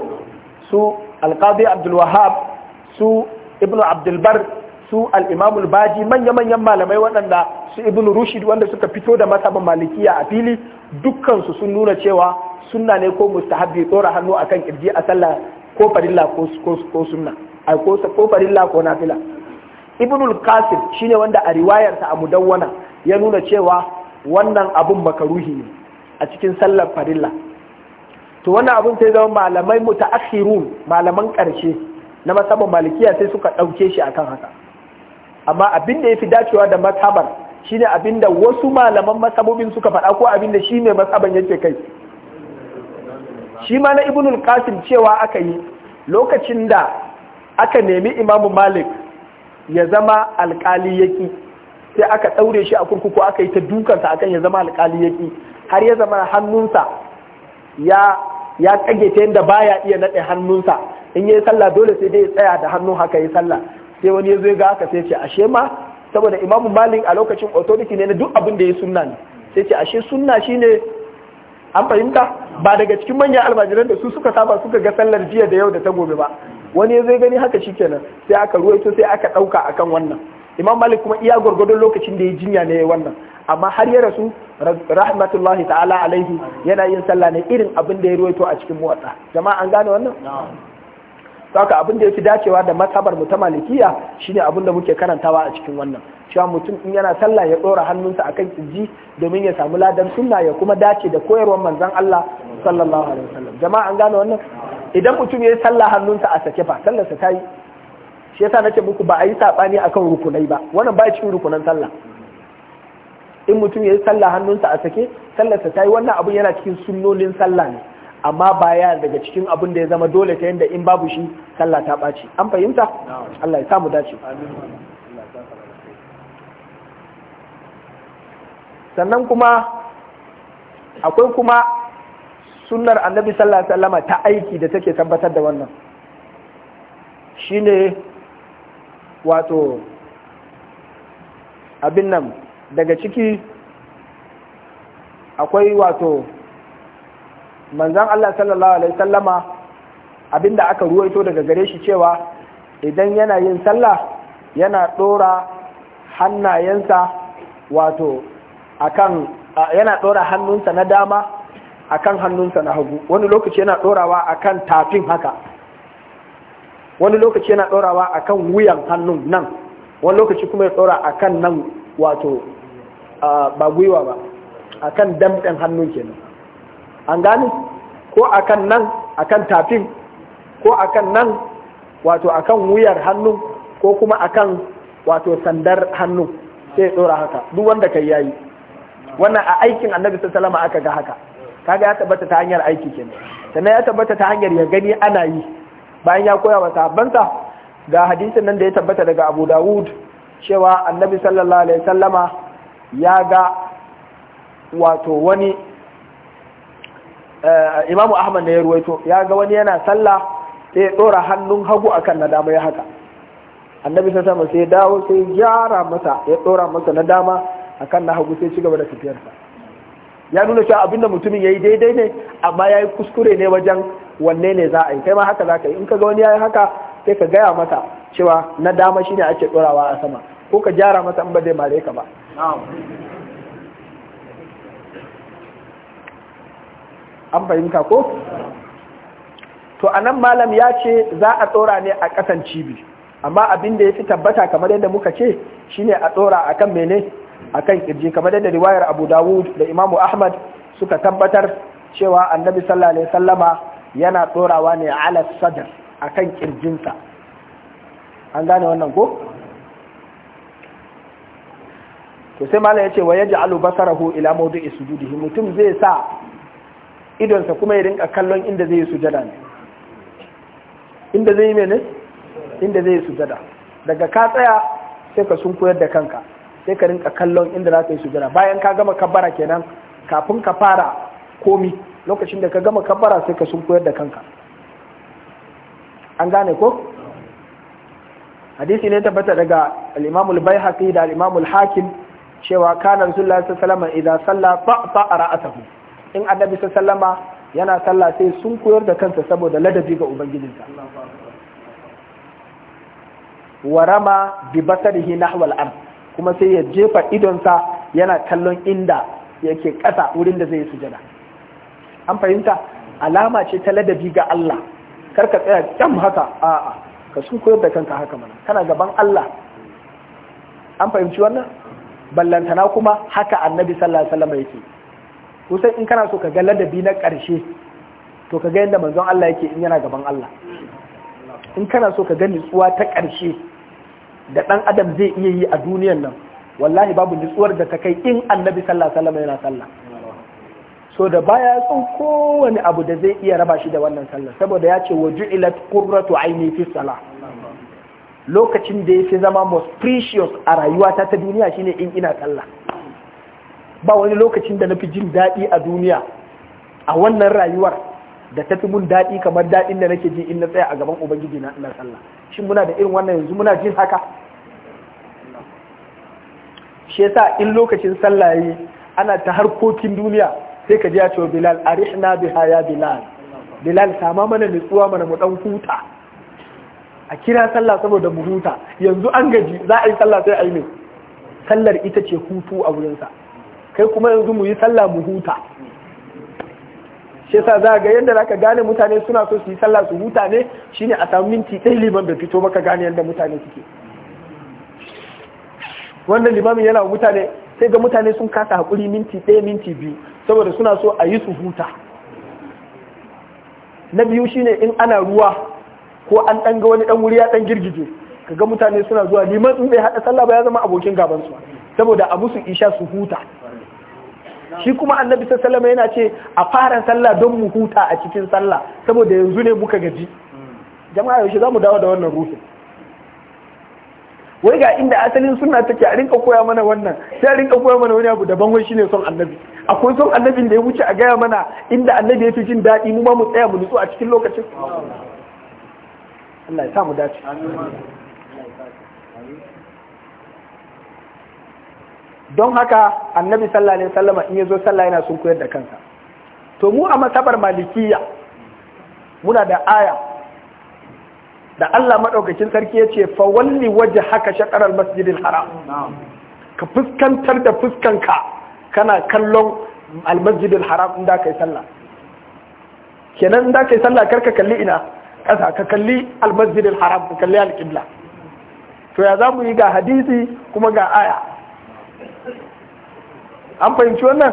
su alqadi abdulwahab su ibnu Abdulbar, su al baji manya manyan malamai waɗanda su ibnu rushid wanda suka fito da mazhabin malikiya a fili dukkansu sun nuna cewa sunna ne ko mustahabbi tsora hannu akan kirji a sallah ko farilla ko sunna a ko farilla ko nafila ibnul kasir shine wanda a riwayarsa a mudawwana ya nuna cewa wannan abun makaruhi ne a cikin sallar farilla to wannan abin sai zama malamai mutaakhirun malaman karshe na masaban malikiya sai suka ɗauke shi akan haka amma abin da yafi dacewa da masabar shine abin da wasu malaman masabobin suka faɗa ko abin da shine masaban yake kai shi ma na ibnul qasim cewa aka yi lokacin da aka nemi imamu malik ya zama alƙali yaki sai aka daure shi a kurkuku aka yi ta dukansa akan ya zama alkali yaki har ya zama hannunsa ya ya kage ta yadda baya iya naɗe hannunsa in yi sallah dole sai dai ya tsaya da hannu haka yi sallah sai wani ya zo ga haka sai ce ashe ma saboda imamu malik a lokacin authority ne na duk abin da ya sunna ne sai ce ashe sunna shine an fahimta ba daga cikin manyan almajiran da su suka saba suka ga sallar jiya da yau da ta gobe ba wani ya zo gani haka shi kenan sai aka ruwaito sai aka ɗauka akan wannan imam malik kuma iya gwargwadon lokacin da ya jinya ne wannan amma har ya rasu rahmatullahi ta'ala alaihi yana yin sallah ne irin abin da ya ruwaito a cikin muwatta jama'a an gane wannan saka abin da ya fi dacewa da matsabar mu ta malikiya shine abin da muke karantawa a cikin wannan cewa mutum in yana sallah ya ɗora hannunsa a kan domin ya samu ladan sunna ya kuma dace da koyarwar manzon Allah sallallahu alaihi wasallam jama'a an gane wannan idan mutum ya yi sallah hannunsa a sake fa sallarsa ta yi shi yasa nake muku ba a yi sabani akan rukunai ba wannan ba cikin rukunan sallah in mutum ya yi sallah hannunsa a sake sallarsa ta yi wannan abun yana cikin sunnolin sallah ne amma baya daga cikin abun da ya zama dole ta yadda in babu shi sallah ta ɓaci an fahimta Allah ya samu dace sannan kuma akwai kuma sunnar annabi sallallahu alaihi ta aiki da take tabbatar da wannan shine wato abin nan daga ciki akwai wato manzan Allah sallallahu alaihi sallama abinda aka ruwaito daga gare shi cewa idan yana yin sallah yana ɗora hannayensa wato akan yana dora hannunsa na dama akan hannunsa na hagu wani lokaci yana ɗorawa akan tafin haka wani lokaci yana ɗorawa akan wuyan hannun nan wani lokaci kuma ya ɗora akan nan wato ba gwiwa ba a kan damɗin hannu kenan an gani ko a kan nan a kan tafin ko a kan nan wato a kan wuyar hannu ko kuma akan wato sandar hannu sai tsora haka duk wanda ka yayi wannan a aikin annabi sallallahu aka ga haka kaga ya tabbata ta hanyar aiki kenan sannan ya tabbata ta hanyar ya gani ana yi bayan ya koya wa sahabbansa ga hadisin nan da ya tabbata daga Abu Dawud cewa annabi sallallahu alaihi wasallama ya ga wato wani eh, imamu ahmad ne ya ruwaito ya ga wani yana sallah sai ya ɗora hannun hagu akan na dama ya haka annabi sai sama sai ya dawo sai gyara masa ya ɗora masa na dama akan na hagu sai ci gaba da tafiyarsa ya nuna cewa da mutumin ya yi daidai ne amma ya yi kuskure ne wajen wanne ne za a yi kai ma haka za ka yi in ka ga wani ya yi haka sai ka gaya masa cewa na dama shine ake ɗorawa a sama ko ka gyara masa in ba zai mare ka ba an fahimta ko to anan malam ya ce za a tsora ne a ƙasan cibi amma abin da ya fi tabbata kamar yadda muka ce shine a tsora akan mene akan kirji kamar yadda riwayar Abu Dawud da Imamu Ahmad suka tabbatar cewa Annabi sallallahu sallama yana tsorawa ne ala sadr akan ƙirjinsa. an gane wannan ko to sai malam ce wa alu basarahu ila maudu isu sujudihi mutum zai sa idonsa kuma ya rinka kallon inda zai yi sujada ne inda zai yi menis inda zai yi sujada daga ka tsaya sai ka sun koyar da kanka sai ka rinka kallon inda za ka yi sujada bayan ka gama kabbara kenan kafin ka fara komi lokacin da ka gama kabbara sai ka sun koyar da kanka an gane ko hadisi ne tabbata daga al-imamul bayhaqi da al-imamul hakim cewa kana Rasulullah sallallahu alaihi wasallam idza salla fa ra'atuhu in annabi sallallahu yana sallah sai sun koyar da kansa saboda ladabi ga ubangijinsa warama bi basarihi nahwal ard kuma sai ya jefa idonsa yana kallon inda yake kasa wurin da zai sujada an fahimta alama ce ta ladabi ga Allah kar ka tsaya kyam haka a'a ka sun koyar da kanka haka mana kana gaban Allah an fahimci wannan ballantana kuma haka annabi sallallahu alaihi wasallam yake kusan in kana so ka ga ladabi na ƙarshe to ka ga yadda manzon Allah yake in yana gaban Allah in kana so ka ga nutsuwa ta karshe da ɗan adam zai iya yi a duniyar nan wallahi babu nutsuwar da ta kai in annabi sallallahu alaihi wasallam yana sallah so da baya son kowane abu da zai iya raba shi da wannan sallah saboda yace ce wa ju'ilat qurratu aini fi salah lokacin da ya fi zama most precious a rayuwata ta duniya shine in ina sallah ba wani lokacin da na fi jin daɗi a duniya a wannan rayuwar da tafi mun daɗi kamar daɗin da nake ji in na tsaya a gaban ubangiji na ina sallah shin muna da irin wannan yanzu muna jin haka shi yasa in lokacin sallah yayi ana ta harkokin duniya sai ka ji ya ce bilal arihna biha ya bilal bilal sama mana nutsuwa mana mu dan huta a kira sallah saboda mu huta yanzu an gaji za a yi sallah sai a yi ne sallar ita ce hutu a wurinsa kai kuma yanzu mu yi sallah mu huta shi yasa za ga yadda zaka gane mutane suna so su yi sallah su huta ne shine a samu minti ɗaya liman da fito maka gane yadda mutane suke wannan limamin yana wa mutane sai ga mutane sun kasa haƙuri minti ɗaya minti biyu saboda suna so a yi su huta na biyu shine in ana ruwa ko an ɗan ga wani ɗan wuri ya ɗan girgije kaga mutane suna zuwa liman in bai haɗa sallah ba ya zama abokin gaban su saboda a musu isha su huta shi kuma annabi sallallahu yana ce a fara sallah don mu huta a cikin sallah saboda yanzu ne muka gaji jama'a yaushe za mu dawo da wannan ruhin wai ga inda asalin suna take a rinka koya mana wannan sai a rinka koya mana wani abu daban wai shine son annabi akwai son annabin da ya wuce a gaya mana inda annabi ya fi jin daɗi mu ma mu tsaya mu nutsu a cikin lokacin Allah ya samu dace don haka annabi sallallahu alaihi wasallam in yazo sallah yana sun koyar da kansa to mu a masabar malikiya muna da aya da Allah madaukakin sarki yace fa walli wajhaka shaqar masjidil haram ka fuskantar da fuskanka kana kallon al-masjidil haram inda kai sallah kenan inda kai sallah karka kalli ina ƙasa ka kalli almasjid haram ka kalli alƙibla to ya za mu yi ga hadisi kuma ga aya an fahimci wannan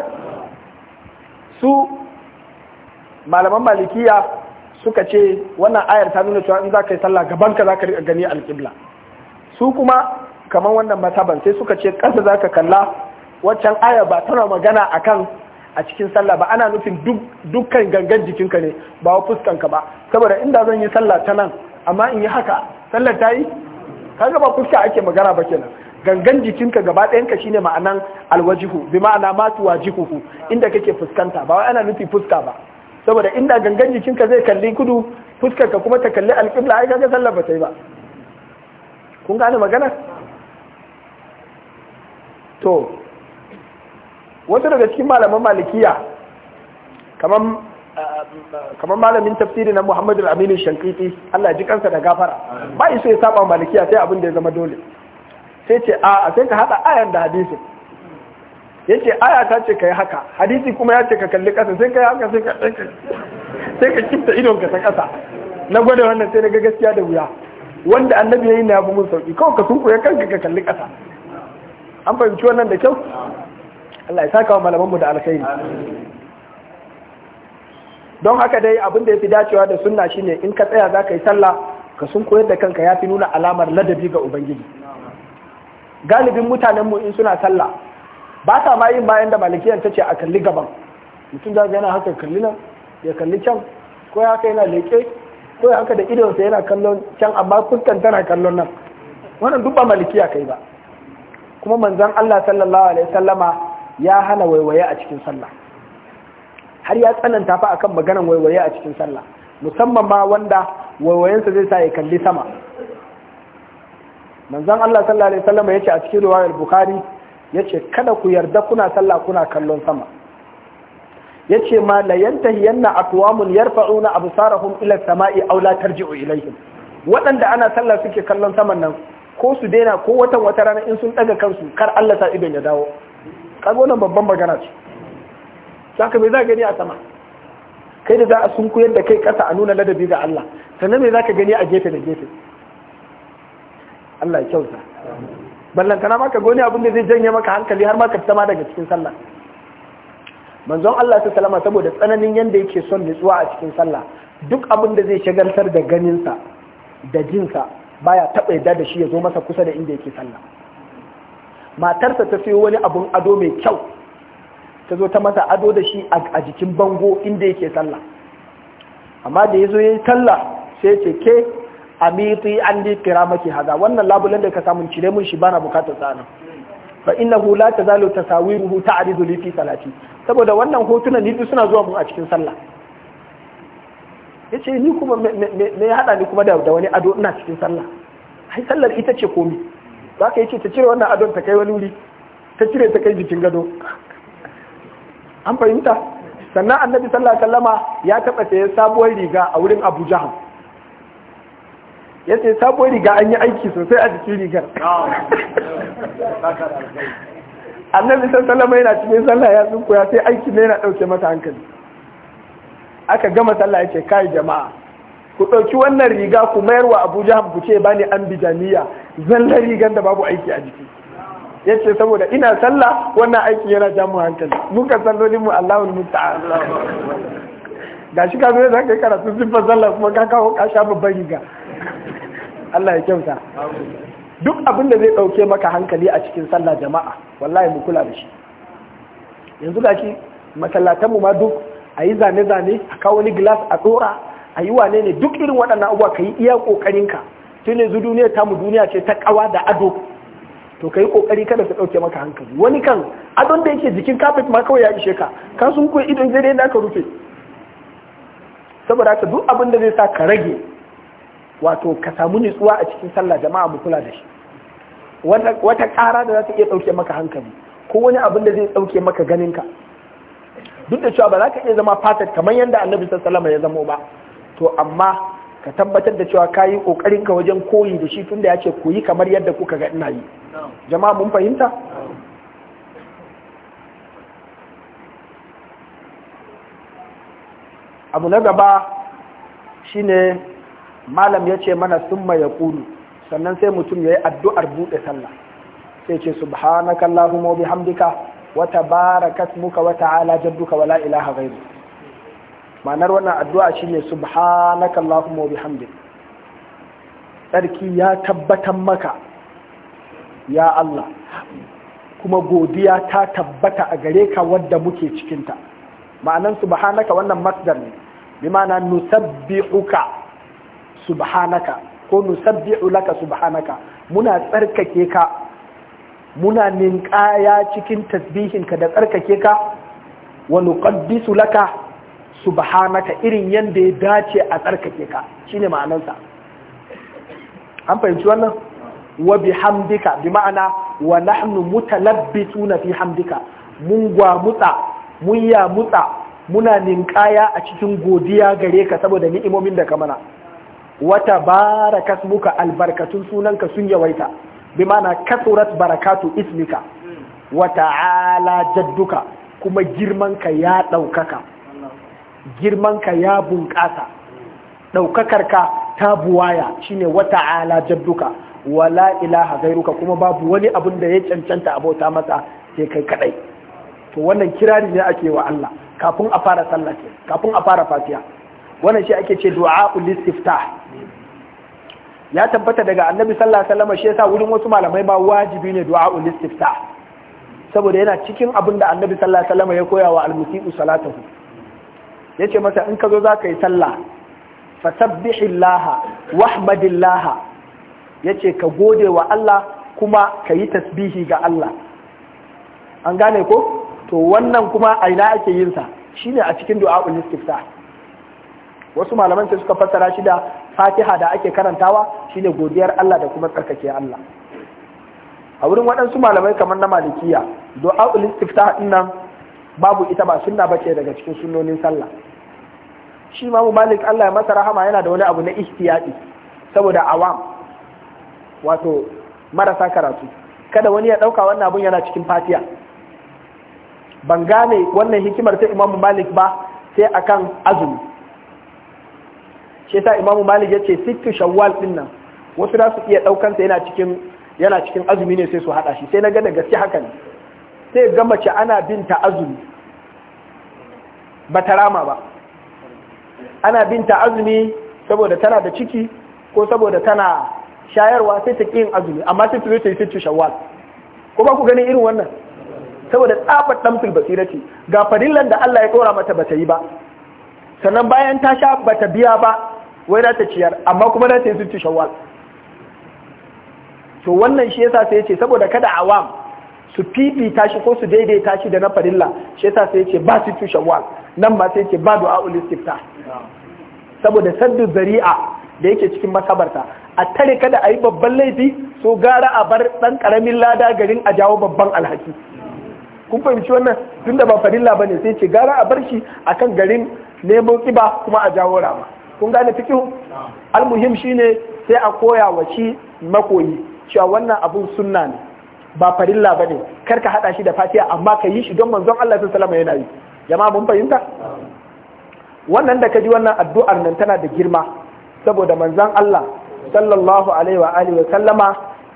su malaman malikiya suka ce wannan ayar ta nuna cewa in za ka yi sallah gaban ka za ka riƙa gani alƙibla su kuma kamar wannan masaban sai suka ce ƙasa za ka kalla waccan aya ba tana magana akan a cikin sallah ba ana nufin dukkan gangan jikinka ne ba wa fuskanka ba saboda inda zan yi sallah ta nan amma in yi haka sallar ta yi kaga ba fuska ake magana ba kenan gangan jikinka gaba ɗayanka shine ma'anan alwajihu bi ma'ana ma tuwajihuhu inda kake fuskanta ba wai ana nufi fuska ba saboda inda gangan jikinka zai kalli kudu fuskarka kuma ta kalli alƙibla ai kaga sallar ba ta yi ba kun gane magana to wasu daga cikin malaman malikiya kamar malamin tafsiri na muhammadu aminu shankiti allah ji kansa da gafara ba iso ya saba malikiya sai abin da ya zama dole sai ce a sai ka haɗa ayan da hadisi. ya ce aya ta ce ka yi haka hadisi kuma ya ce ka kalli ƙasa sai ka yi haka sai ka kifta idon ka ta ƙasa na gwada wannan sai na ga gaskiya da wuya wanda annabi ya yi na abu mun sauki kawai ka ya kanka ka kalli ƙasa an fahimci wannan da kyau Allah ya saka wa malamanmu da alkhairi don haka dai abin da ya fi dacewa da sunna shine in ka tsaya za ka yi sallah ka sun koyar da kanka yafi nuna alamar ladabi ga ubangiji galibin mutanenmu in suna sallah ba sa ma yin bayan da malikiyar ta ce a kalli gaban mutum za yana haka kalli nan ya kalli can ko ya haka yana leƙe ko ya haka da idonsa yana kallon can amma fuskan tana kallon nan wannan duk ba malikiya kai ba kuma manzon Allah sallallahu alaihi sallama ya hana waiwaye a cikin sallah har ya tsananta fa akan maganan waiwaye a cikin sallah musamman ma wanda waiwayensa zai sa ya kalli sama manzon Allah sallallahu alaihi wasallam yace a cikin riwayar bukhari yace kada ku yarda kuna sallah kuna kallon sama yace ma la yanna aqwamun yarfa'una absarahum ila samai aw la tarji'u ilaihim waɗanda ana sallah suke kallon saman nan ko su daina ko watan wata rana in sun daga kansu kar Allah sa idan ya dawo kaga wannan babban magana ce ka me za ka gani a sama kai da za a kuyar da kai kasa a nuna ladabi ga Allah sannan me za ka gani a gefe da gefe Allah ya kyauta kana maka goni abin da zai janye maka hankali har maka ka fita ma daga cikin sallah manzon Allah ta salama saboda tsananin yanda yake son nutsuwa a cikin sallah duk abin da zai shagaltar da ganinsa da jinsa baya taɓa yadda da shi ya zo masa kusa da inda yake sallah matarsa ta siyo wani abun ado mai kyau ta zo ta masa ado da shi a jikin bango inda yake sallah amma da ya zo ya yi sallah sai ce ke amiti an di kira maki haza wannan labulen da ka samun cire mun shi bana bukatar tsana fa innahu la tazalu tasawiruhu ta'ridu li fi salati saboda wannan hotunan ni suna zuwa mun a cikin sallah yace ni kuma me ya hada ni kuma da wani ado ina cikin sallah ai sallar ita ce komi za ka yi ce ta cire wannan adon ta kai wani wuri ta cire ta kai jikin gado an fahimta sannan annabi sallallahu alaihi wasallama ya taba sayan sabuwar riga a wurin abu ya sabuwar riga an yi aiki sosai a jikin rigar annabi sallallahu yana cikin sallah ya tsinko sai aiki ne yana ɗauke masa hankali aka gama sallah ya ce kai jama'a ku ɗauki wannan riga ku mayar wa abu jaham ku ce bani an bijaniya zallar rigar da babu aiki a jiki ya ce saboda ina sallah wannan aiki yana ja hankali muka salloli mu allahun musta'an ga shi ka zo da kai karatu siffar sallah kuma ka kawo ka sha babban riga Allah ya kyauta duk abin da zai ɗauke maka hankali a cikin sallah jama'a wallahi mu kula da shi yanzu shi masallatanmu ma duk a yi zane-zane a kawo wani gilas a ɗora a yi wane ne duk irin waɗannan abuwa ka yi iya ƙoƙarinka tun yanzu duniya ta mu duniya ce ta ƙawa da ado to ka yi ƙoƙari kada su ɗauke maka hankali wani kan adon da yake jikin kafet ma kawai ya ishe ka Ka sun kuwa idon zai dai ka rufe saboda ka duk abin da zai sa ka rage wato ka samu nutsuwa a cikin sallah jama'a mu kula da shi wata ƙara da za ta iya ɗauke maka hankali ko wani abin da zai ɗauke maka ganinka duk da cewa ba za ka iya zama fatar kamar yadda annabi sallallahu alaihi ya zamo ba to amma ka tabbatar da cewa kayi kokarin ka wajen koyi da shi tunda ya ce ku kamar yadda kuka ga ina yi jama'a mun fahimta abu na gaba shine malam ya ce mana summa ya kulu sannan sai mutum ya yi addu'ar buɗe sallah sai ce subhanakallahumma wa bihamdika wa tabaraka ismuka wa ta'ala jadduka wa la ilaha ghairuka ma'anar wannan addu'a shine ne allahumma wa bihamdik tsarki ya tabbatan maka ya Allah kuma godiya ta tabbata a gare ka wadda muke cikinta ma'anan subhanaka wannan masdar ne bi ma'ana nusabbi'uka subhanaka ko nusabbihu laka subhanaka muna tsarkake ka muna ninkaya cikin tasbihinka da tsarkake ka Wani nuqaddisu laka subhanaka irin yadda ya dace a tsarkake ka shine ma'anansa an fahimci wannan wa bihamdika bi ma'ana wa nahnu mutalabbituna fi hamdika mun gwa mutsa mun ya mutsa muna ninkaya a cikin godiya gare ka saboda ni'imomin da ka mana wata baraka muka albarkatun sunanka sun yawaita bi ma'ana kasurat barakatu ismika wata ta'ala jadduka kuma girman ka ya ɗaukaka girmanka ya bunƙasa ɗaukakarka ta buwaya shine wata ala jadduka wala ilaha gairuka kuma babu wani abin da ya cancanta abota masa sai kai kadai to wannan kirari ne ake wa Allah kafin a fara sallah kafin a fara fatiha wannan shi ake ce du'a'ul istiftah ya tabbata daga annabi sallallahu alaihi wasallam shi yasa wurin wasu malamai ba wajibi ne du'a'ul istiftah saboda yana cikin abin da annabi sallallahu alaihi wasallam ya koya wa al-musii'u salatahu ya ce masa in ka zo za ka yi sallah fasabbihillaha wahmadillaha ya ce ka gode wa Allah kuma ka yi tasbihi ga Allah an gane ko to wannan kuma a ina ake yin sa shine a cikin du'a'ul istiftah wasu malaman sai suka fassara shi da fatiha da ake karantawa shine godiyar Allah da kuma tsarkake Allah a wurin waɗansu malamai kamar na malikiya du'a'ul istiftah din nan babu ita ba sunna bace daga cikin sunnonin sallah shi imamu malik Allah ya masa rahama yana da wani abu na ihtiyadi saboda awam wato marasa karatu kada wani ya dauka wannan abun yana cikin fatiya ban gane wannan hikimar ta imamu malik ba sai akan azumi shi yasa imamu malik ya ce sikki shawwal din nan wasu za su iya daukansa yana cikin yana cikin azumi ne sai su hada shi sai na ga gaske haka ne sai ga mace ana binta azumi ba ta rama ba ana binta azumi saboda tana da ciki ko saboda tana shayarwa sai ta yin azumi amma sai tuzo ta yi sai shawwal ko ba ku ganin irin wannan saboda tsabar basira ce. ga farillan da Allah ya kora mata bata yi ba sannan bayan ta sha bata biya ba wai za ta ciyar amma kuma za ta yi sittu shawwal to wannan shi yasa sai ya ce saboda kada awam su fifita shi ko su daidaita shi da na farilla shi yasa sai ce ba situ shawwal nan ma sai ce ba du'a'ul istifta saboda saddu zari'a da yake cikin masabarta a tare kada a yi babban laifi so gara a bar ɗan ƙaramin lada garin a jawo babban alhaki kun fahimci wannan tun da ba farilla ba ne sai ce gara a bar shi a kan garin nemo ƙiba kuma a jawo rama kun gane fikihu almuhim ne sai a koya wa shi makoyi cewa wannan abun sunna ne ba farilla ba ne kar ka haɗa shi da fatiha amma ka yi shi don manzon Allah sun salama yana yi jama'a mun fahimta wannan da ka ji wannan addu'ar nan tana da girma saboda manzon Allah sallallahu alaihi wa alihi wa sallama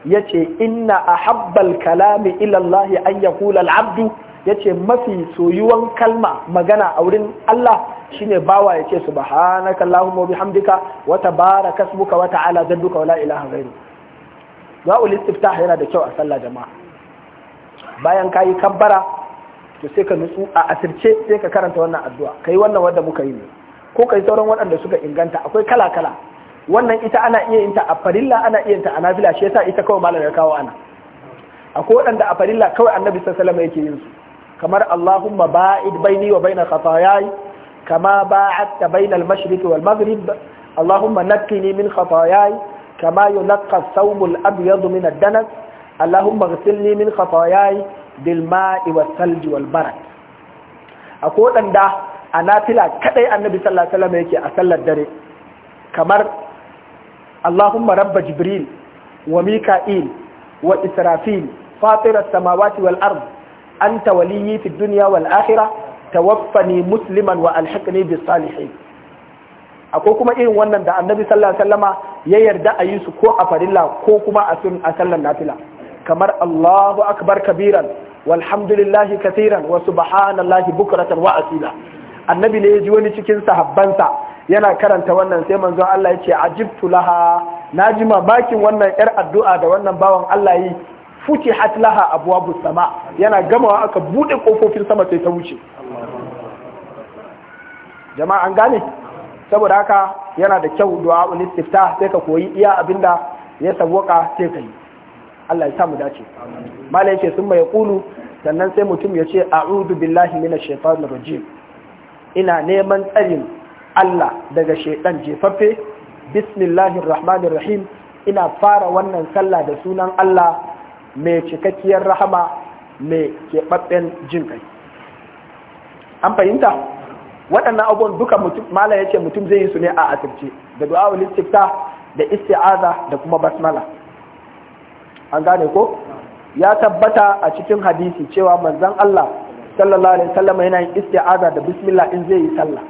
yace inna ahabbal kalami ila Allah an yaqula al-abdu yace mafi soyuwan kalma magana a wurin Allah shine bawa yace subhanaka allahumma wa bihamdika wa tabaraka ismuka wa ta'ala jadduka wa la ilaha ghairuka du'a'ul istiftah yana da kyau a sallah jama'a bayan kayi kabbara to sai ka nutsu a asirce sai ka karanta wannan addu'a kai wannan wanda muka yi ne ko kai sauran waɗanda suka inganta akwai kala kala wannan ita ana iya yin ta a farilla ana iya yin ta a nafila shi yasa ita kawai malam ya kawo ana akwai waɗanda a farilla kawai annabi sallallahu alaihi wasallam yake yin su kamar Allahumma ba'id baini wa baina khataayai kama ba'adta bainal mashriqi wal maghrib Allahumma nakkini min khataayai kama yulqa thawbul abyad min ad-danas allahumma ighsilni min khataayai bil ma'i was salji wal barad akwai wadanda a nafila kadai annabi sallallahu alaihi yake a sallar dare kamar Allahuma rabba jibril wa mika'il wa israfil fatira samawati wal ard anta waliyyi fid dunya wal akhirah tawaffani musliman wa alhiqni bis salihin akwai kuma irin wannan da annabi sallallahu alaihi wasallama ya yarda a yi su ko a farilla ko kuma a sun a sallan nafila kamar Allahu akbar kabiran walhamdulillahi katiran wa subhanallahi bukratan wa asila annabi ne ya wani cikin sahabbansa yana karanta wannan sai manzo Allah ya ce ajibtu laha na ji mamakin wannan yar addu'a da wannan bawan Allah yi futihat laha abwabu sama yana gamawa aka bude kofofin sama sai ta wuce jama'a an gane saboda haka yana da kyau du'a ul istiftah sai ka koyi iya abinda ya sawwaka sai ka yi Allah ya samu dace malai yake sun mai kulu sannan sai mutum ya ce a'udhu billahi minash shaitanir rajim ina neman tsarin Allah daga shaitan jefaffe bismillahir rahmanir rahim ina fara wannan sallah da sunan Allah mai cikakkiyar rahama mai keɓaɓɓen jin kai an fahimta waɗannan abubuwan duka mutum mala ya ce mutum zai yi su ne a asirce da du'a istifta da isti'aza da kuma basmala an gane ko ya tabbata a cikin hadisi cewa manzan Allah sallallahu alaihi wasallam yana yin isti'aza da bismillah in zai yi sallah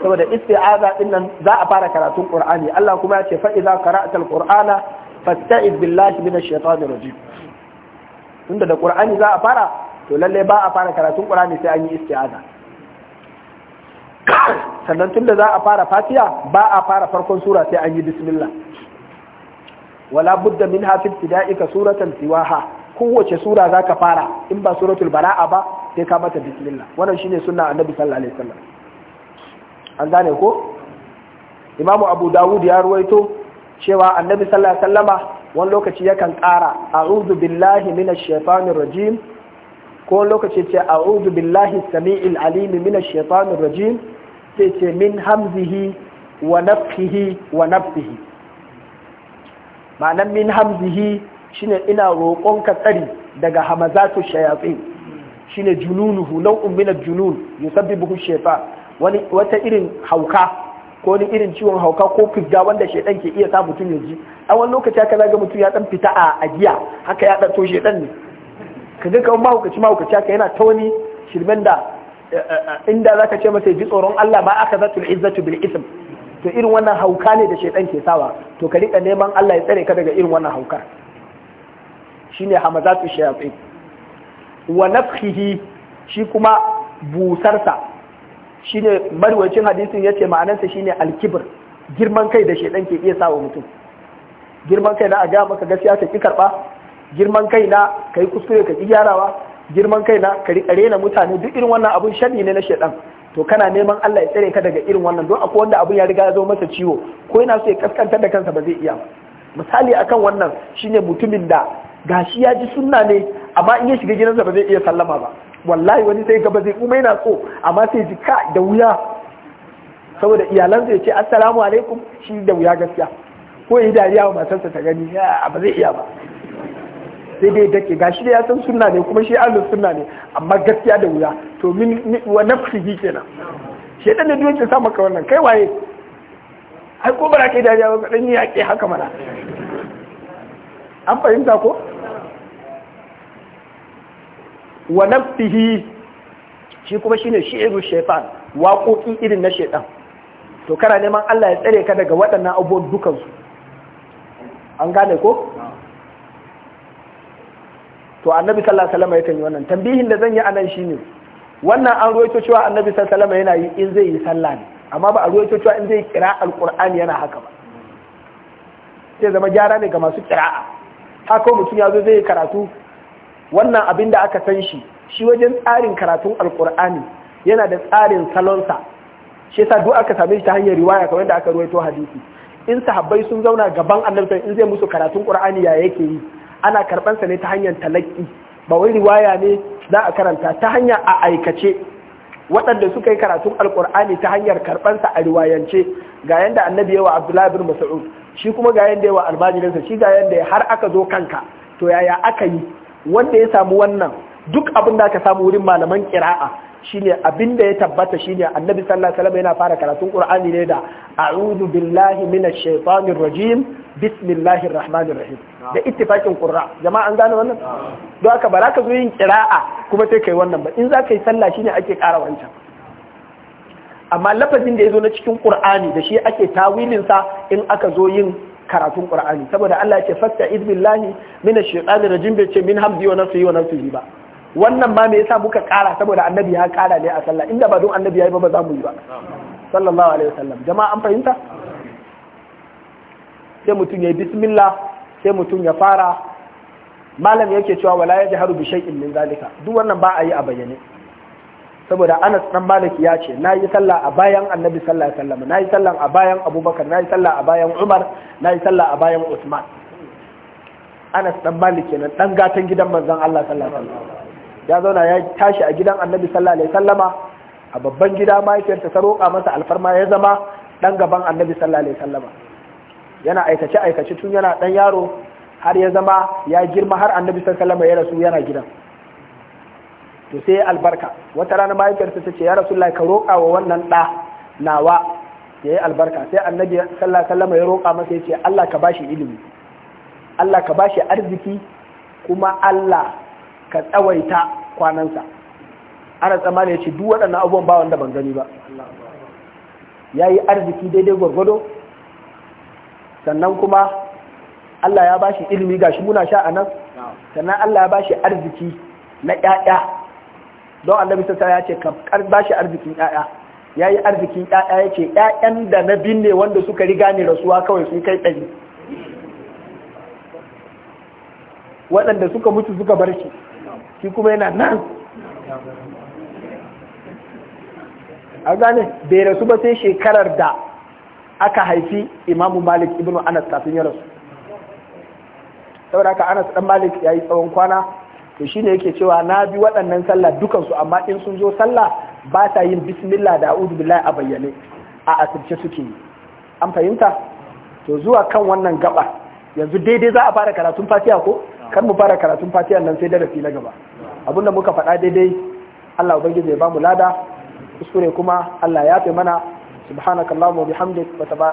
saboda isti'aza din nan za a fara karatun qur'ani Allah kuma ya ce fa idza qara'tal qur'ana fasta'iz billahi minash shaitanir rajim tunda da qur'ani za a fara to lalle ba a fara karatun qur'ani sai an yi isti'aza sannan da za a fara fatiha ba a fara farkon sura sai an yi bismillah wala budda min hafi tida'ika suratan siwaha kowace sura za ka fara in ba suratul bara'a ba sai ka mata bismillah wannan shine sunna annabi sallallahu alaihi wasallam an gane ko imamu abu dawud ya ruwaito cewa annabi sallallahu alaihi wasallama wani lokaci yakan ƙara a'udhu billahi minash shaitanir rajim ko lokaci ce a'udhu billahi samiil alim minash shaitanir rajim sai ce min hamzihi wa nafihi wa nafihi ma'anan min hamzihi shine ina roƙonka tsari daga hamazatu shayatsin shine jununuhu nau'un min junun yusabbibuhu buhu wani wata irin hauka ko ni irin ciwon hauka ko fidda wanda shaidan ke iya sa mutum ya ji a wani lokaci haka zaga mutum ya dan fita a ajiya haka ya dan to shaidan ne kaga kawai mahaukaci mahaukaci aka yana ta wani shirmen da inda ka ce masa ji tsoron Allah ba aka zatul izzatu bil ism to irin wannan hauka ne da shaitan ke sawa to ka rika neman Allah ya tsare ka daga irin wannan hauka shine hamazatu shayatin wa nafkhihi shi kuma busarsa shine marwacin hadisin yace ma'anarsa shine alkibr girman kai da shaitan ke iya sawa mutum girman kai na a ga maka gaskiya ka ki karba girman kai na kai kuskure ka ki gyarawa girman kai na ka na mutane duk irin wannan abun shani ne na shaidan to kana neman Allah ya tsare ka daga irin wannan don akwai wanda abun ya riga ya zo masa ciwo ko yana so ya kaskantar da kansa ba zai iya misali akan wannan shine mutumin da gashi ya ji sunna ne amma in ya shiga gidansa ba zai iya sallama ba wallahi wani sai gaba zai kuma yana so amma sai ji ka da wuya saboda iyalansa ya ce assalamu alaikum shi da wuya gaskiya ko yi dariya wa matarsa ta gani ba zai iya ba sai dai dake shi da ya san sunna ne kuma shi ahlus sunna ne amma gaskiya da wuya to min wa nafsihi kenan shedan da duk yake sa maka wannan kai waye ai ko bara kai dariya ba dan ya ke haka mana an fahimta ko wa nafsihi shi kuma shine shi'ru shaytan waƙoƙi irin na shaytan to kana neman Allah ya tsare ka daga waɗannan abubuwan dukansu an gane ko to annabi sallallahu alaihi wasallam yakan yi wannan tambihin da zan yi anan shine wannan an ruwaito cewa annabi sallallahu alaihi wasallam yana yi in zai yi sallah ne amma ba a ruwaito cewa in zai kira alqur'ani yana haka ba sai zama gyara ne ga masu kira'a haka mutum ya zo zai yi karatu wannan abin da aka san shi shi wajen tsarin karatun alqur'ani yana da tsarin salonsa shi yasa duk aka same shi ta hanyar riwaya kamar da aka ruwaito hadisi in sahabbai sun zauna gaban annabi in zai musu karatun qur'ani ya yake yi ana karɓansa ne ta hanyar talaki ba wai riwaya ne za a karanta ta hanya a aikace waɗanda suka yi karatun alkur'ani ta hanyar karɓansa a riwayance ga yadda annabi yawa abdullahi bin mas'ud shi kuma ga yadda yawa almajirinsa shi ga ya har aka zo kanka to yaya aka yi wanda ya samu wannan duk abin da aka samu wurin malaman kira'a shine abinda ya tabbata shine annabi sallallahu alaihi wasallam yana fara karatun qur'ani ne da a'udhu billahi minash shaitanir rajim bismillahir rahmanir rahim da ittifaqin qurra jama'a an gane wannan don haka ba ka zo yin qira'a kuma sai kai wannan ba in za ka yi sallah shine ake ƙara wancan amma lafazin da ya zo na cikin qur'ani da shi ake tawilin sa in aka zo yin karatun qur'ani saboda Allah ya ce fasta'iz billahi minash shaitanir rajim bai ce min hamdi wa nafsihi wa nafsihi ba wannan ma me yasa muka kara saboda annabi ya kara ne a sallah inda ba don annabi ya yi ba ba za mu yi ba sallallahu alaihi wasallam jama'a an fahimta sai mutum ya yi bismillah sai mutum ya fara malam yake cewa wala ya jaharu bi shay'in min zalika duk wannan ba a yi a bayyane saboda Anas dan Malik ya ce nayi sallah a bayan Annabi sallallahu alaihi wasallam nayi sallah a bayan Abubakar nayi sallah a bayan Umar nayi sallah a bayan Usman Anas dan Malik kenan dan gatan gidan manzon Allah sallallahu alaihi wasallam ya zauna ya tashi a gidan annabi sallallahu alaihi sallama a babban gida mahaifiyarsa ta roƙa masa alfarma ya zama ɗan gaban annabi sallallahu alaihi sallama yana aikace aikace tun yana ɗan yaro har ya zama ya girma har annabi sallallahu alaihi ya rasu yana gidan to sai albarka wata rana mahaifiyarsa ta ce ya rasulullahi ka roƙa wa wannan da nawa ya yi albarka sai annabi sallallahu alaihi wasallama ya roƙa masa ya ce Allah ka bashi ilimi Allah ka bashi arziki kuma Allah ka tsawaita kwanansa ana tsammanin ya ce duk waɗannan abubuwan ba wanda ban gani ba ya yi arziki daidai gwargwado sannan kuma Allah ya ba shi ilimi gashi muna sha a nan sannan Allah ya ba shi arziki na ƴaƴa don annabi sassa ya ce ka shi arzikin ƴaƴa ya yi arzikin ƴaƴa ya ce ƴaƴan da na binne wanda suka riga ne rasuwa kawai sun kai ɗari waɗanda suka mutu suka bar shi shi kuma yana nan a gane bai rasu ba sai shekarar da aka haifi imamu malik ibn anas kafin ya rasu saboda haka anas dan malik ya yi tsawon kwana to shine yake cewa na bi waɗannan sallah dukansu amma in sun zo sallah ba ta yin bismillah da a'udhu billahi a bayyane a asirce suke yi an fahimta to zuwa kan wannan gaba yanzu daidai za a fara karatun fatiha ko kar mu fara karatun fatiha nan sai darasi na gaba abinda muka faɗa daidai Allah ubangiji ya bamu lada kuskure kuma Allah ya fi mana subhanakallahumma bihamdik wa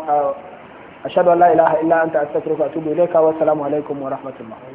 ashhadu an la ilaha illa anta astaghfiruka wa atubu ilayka wa assalamu alaikum wa rahmatullah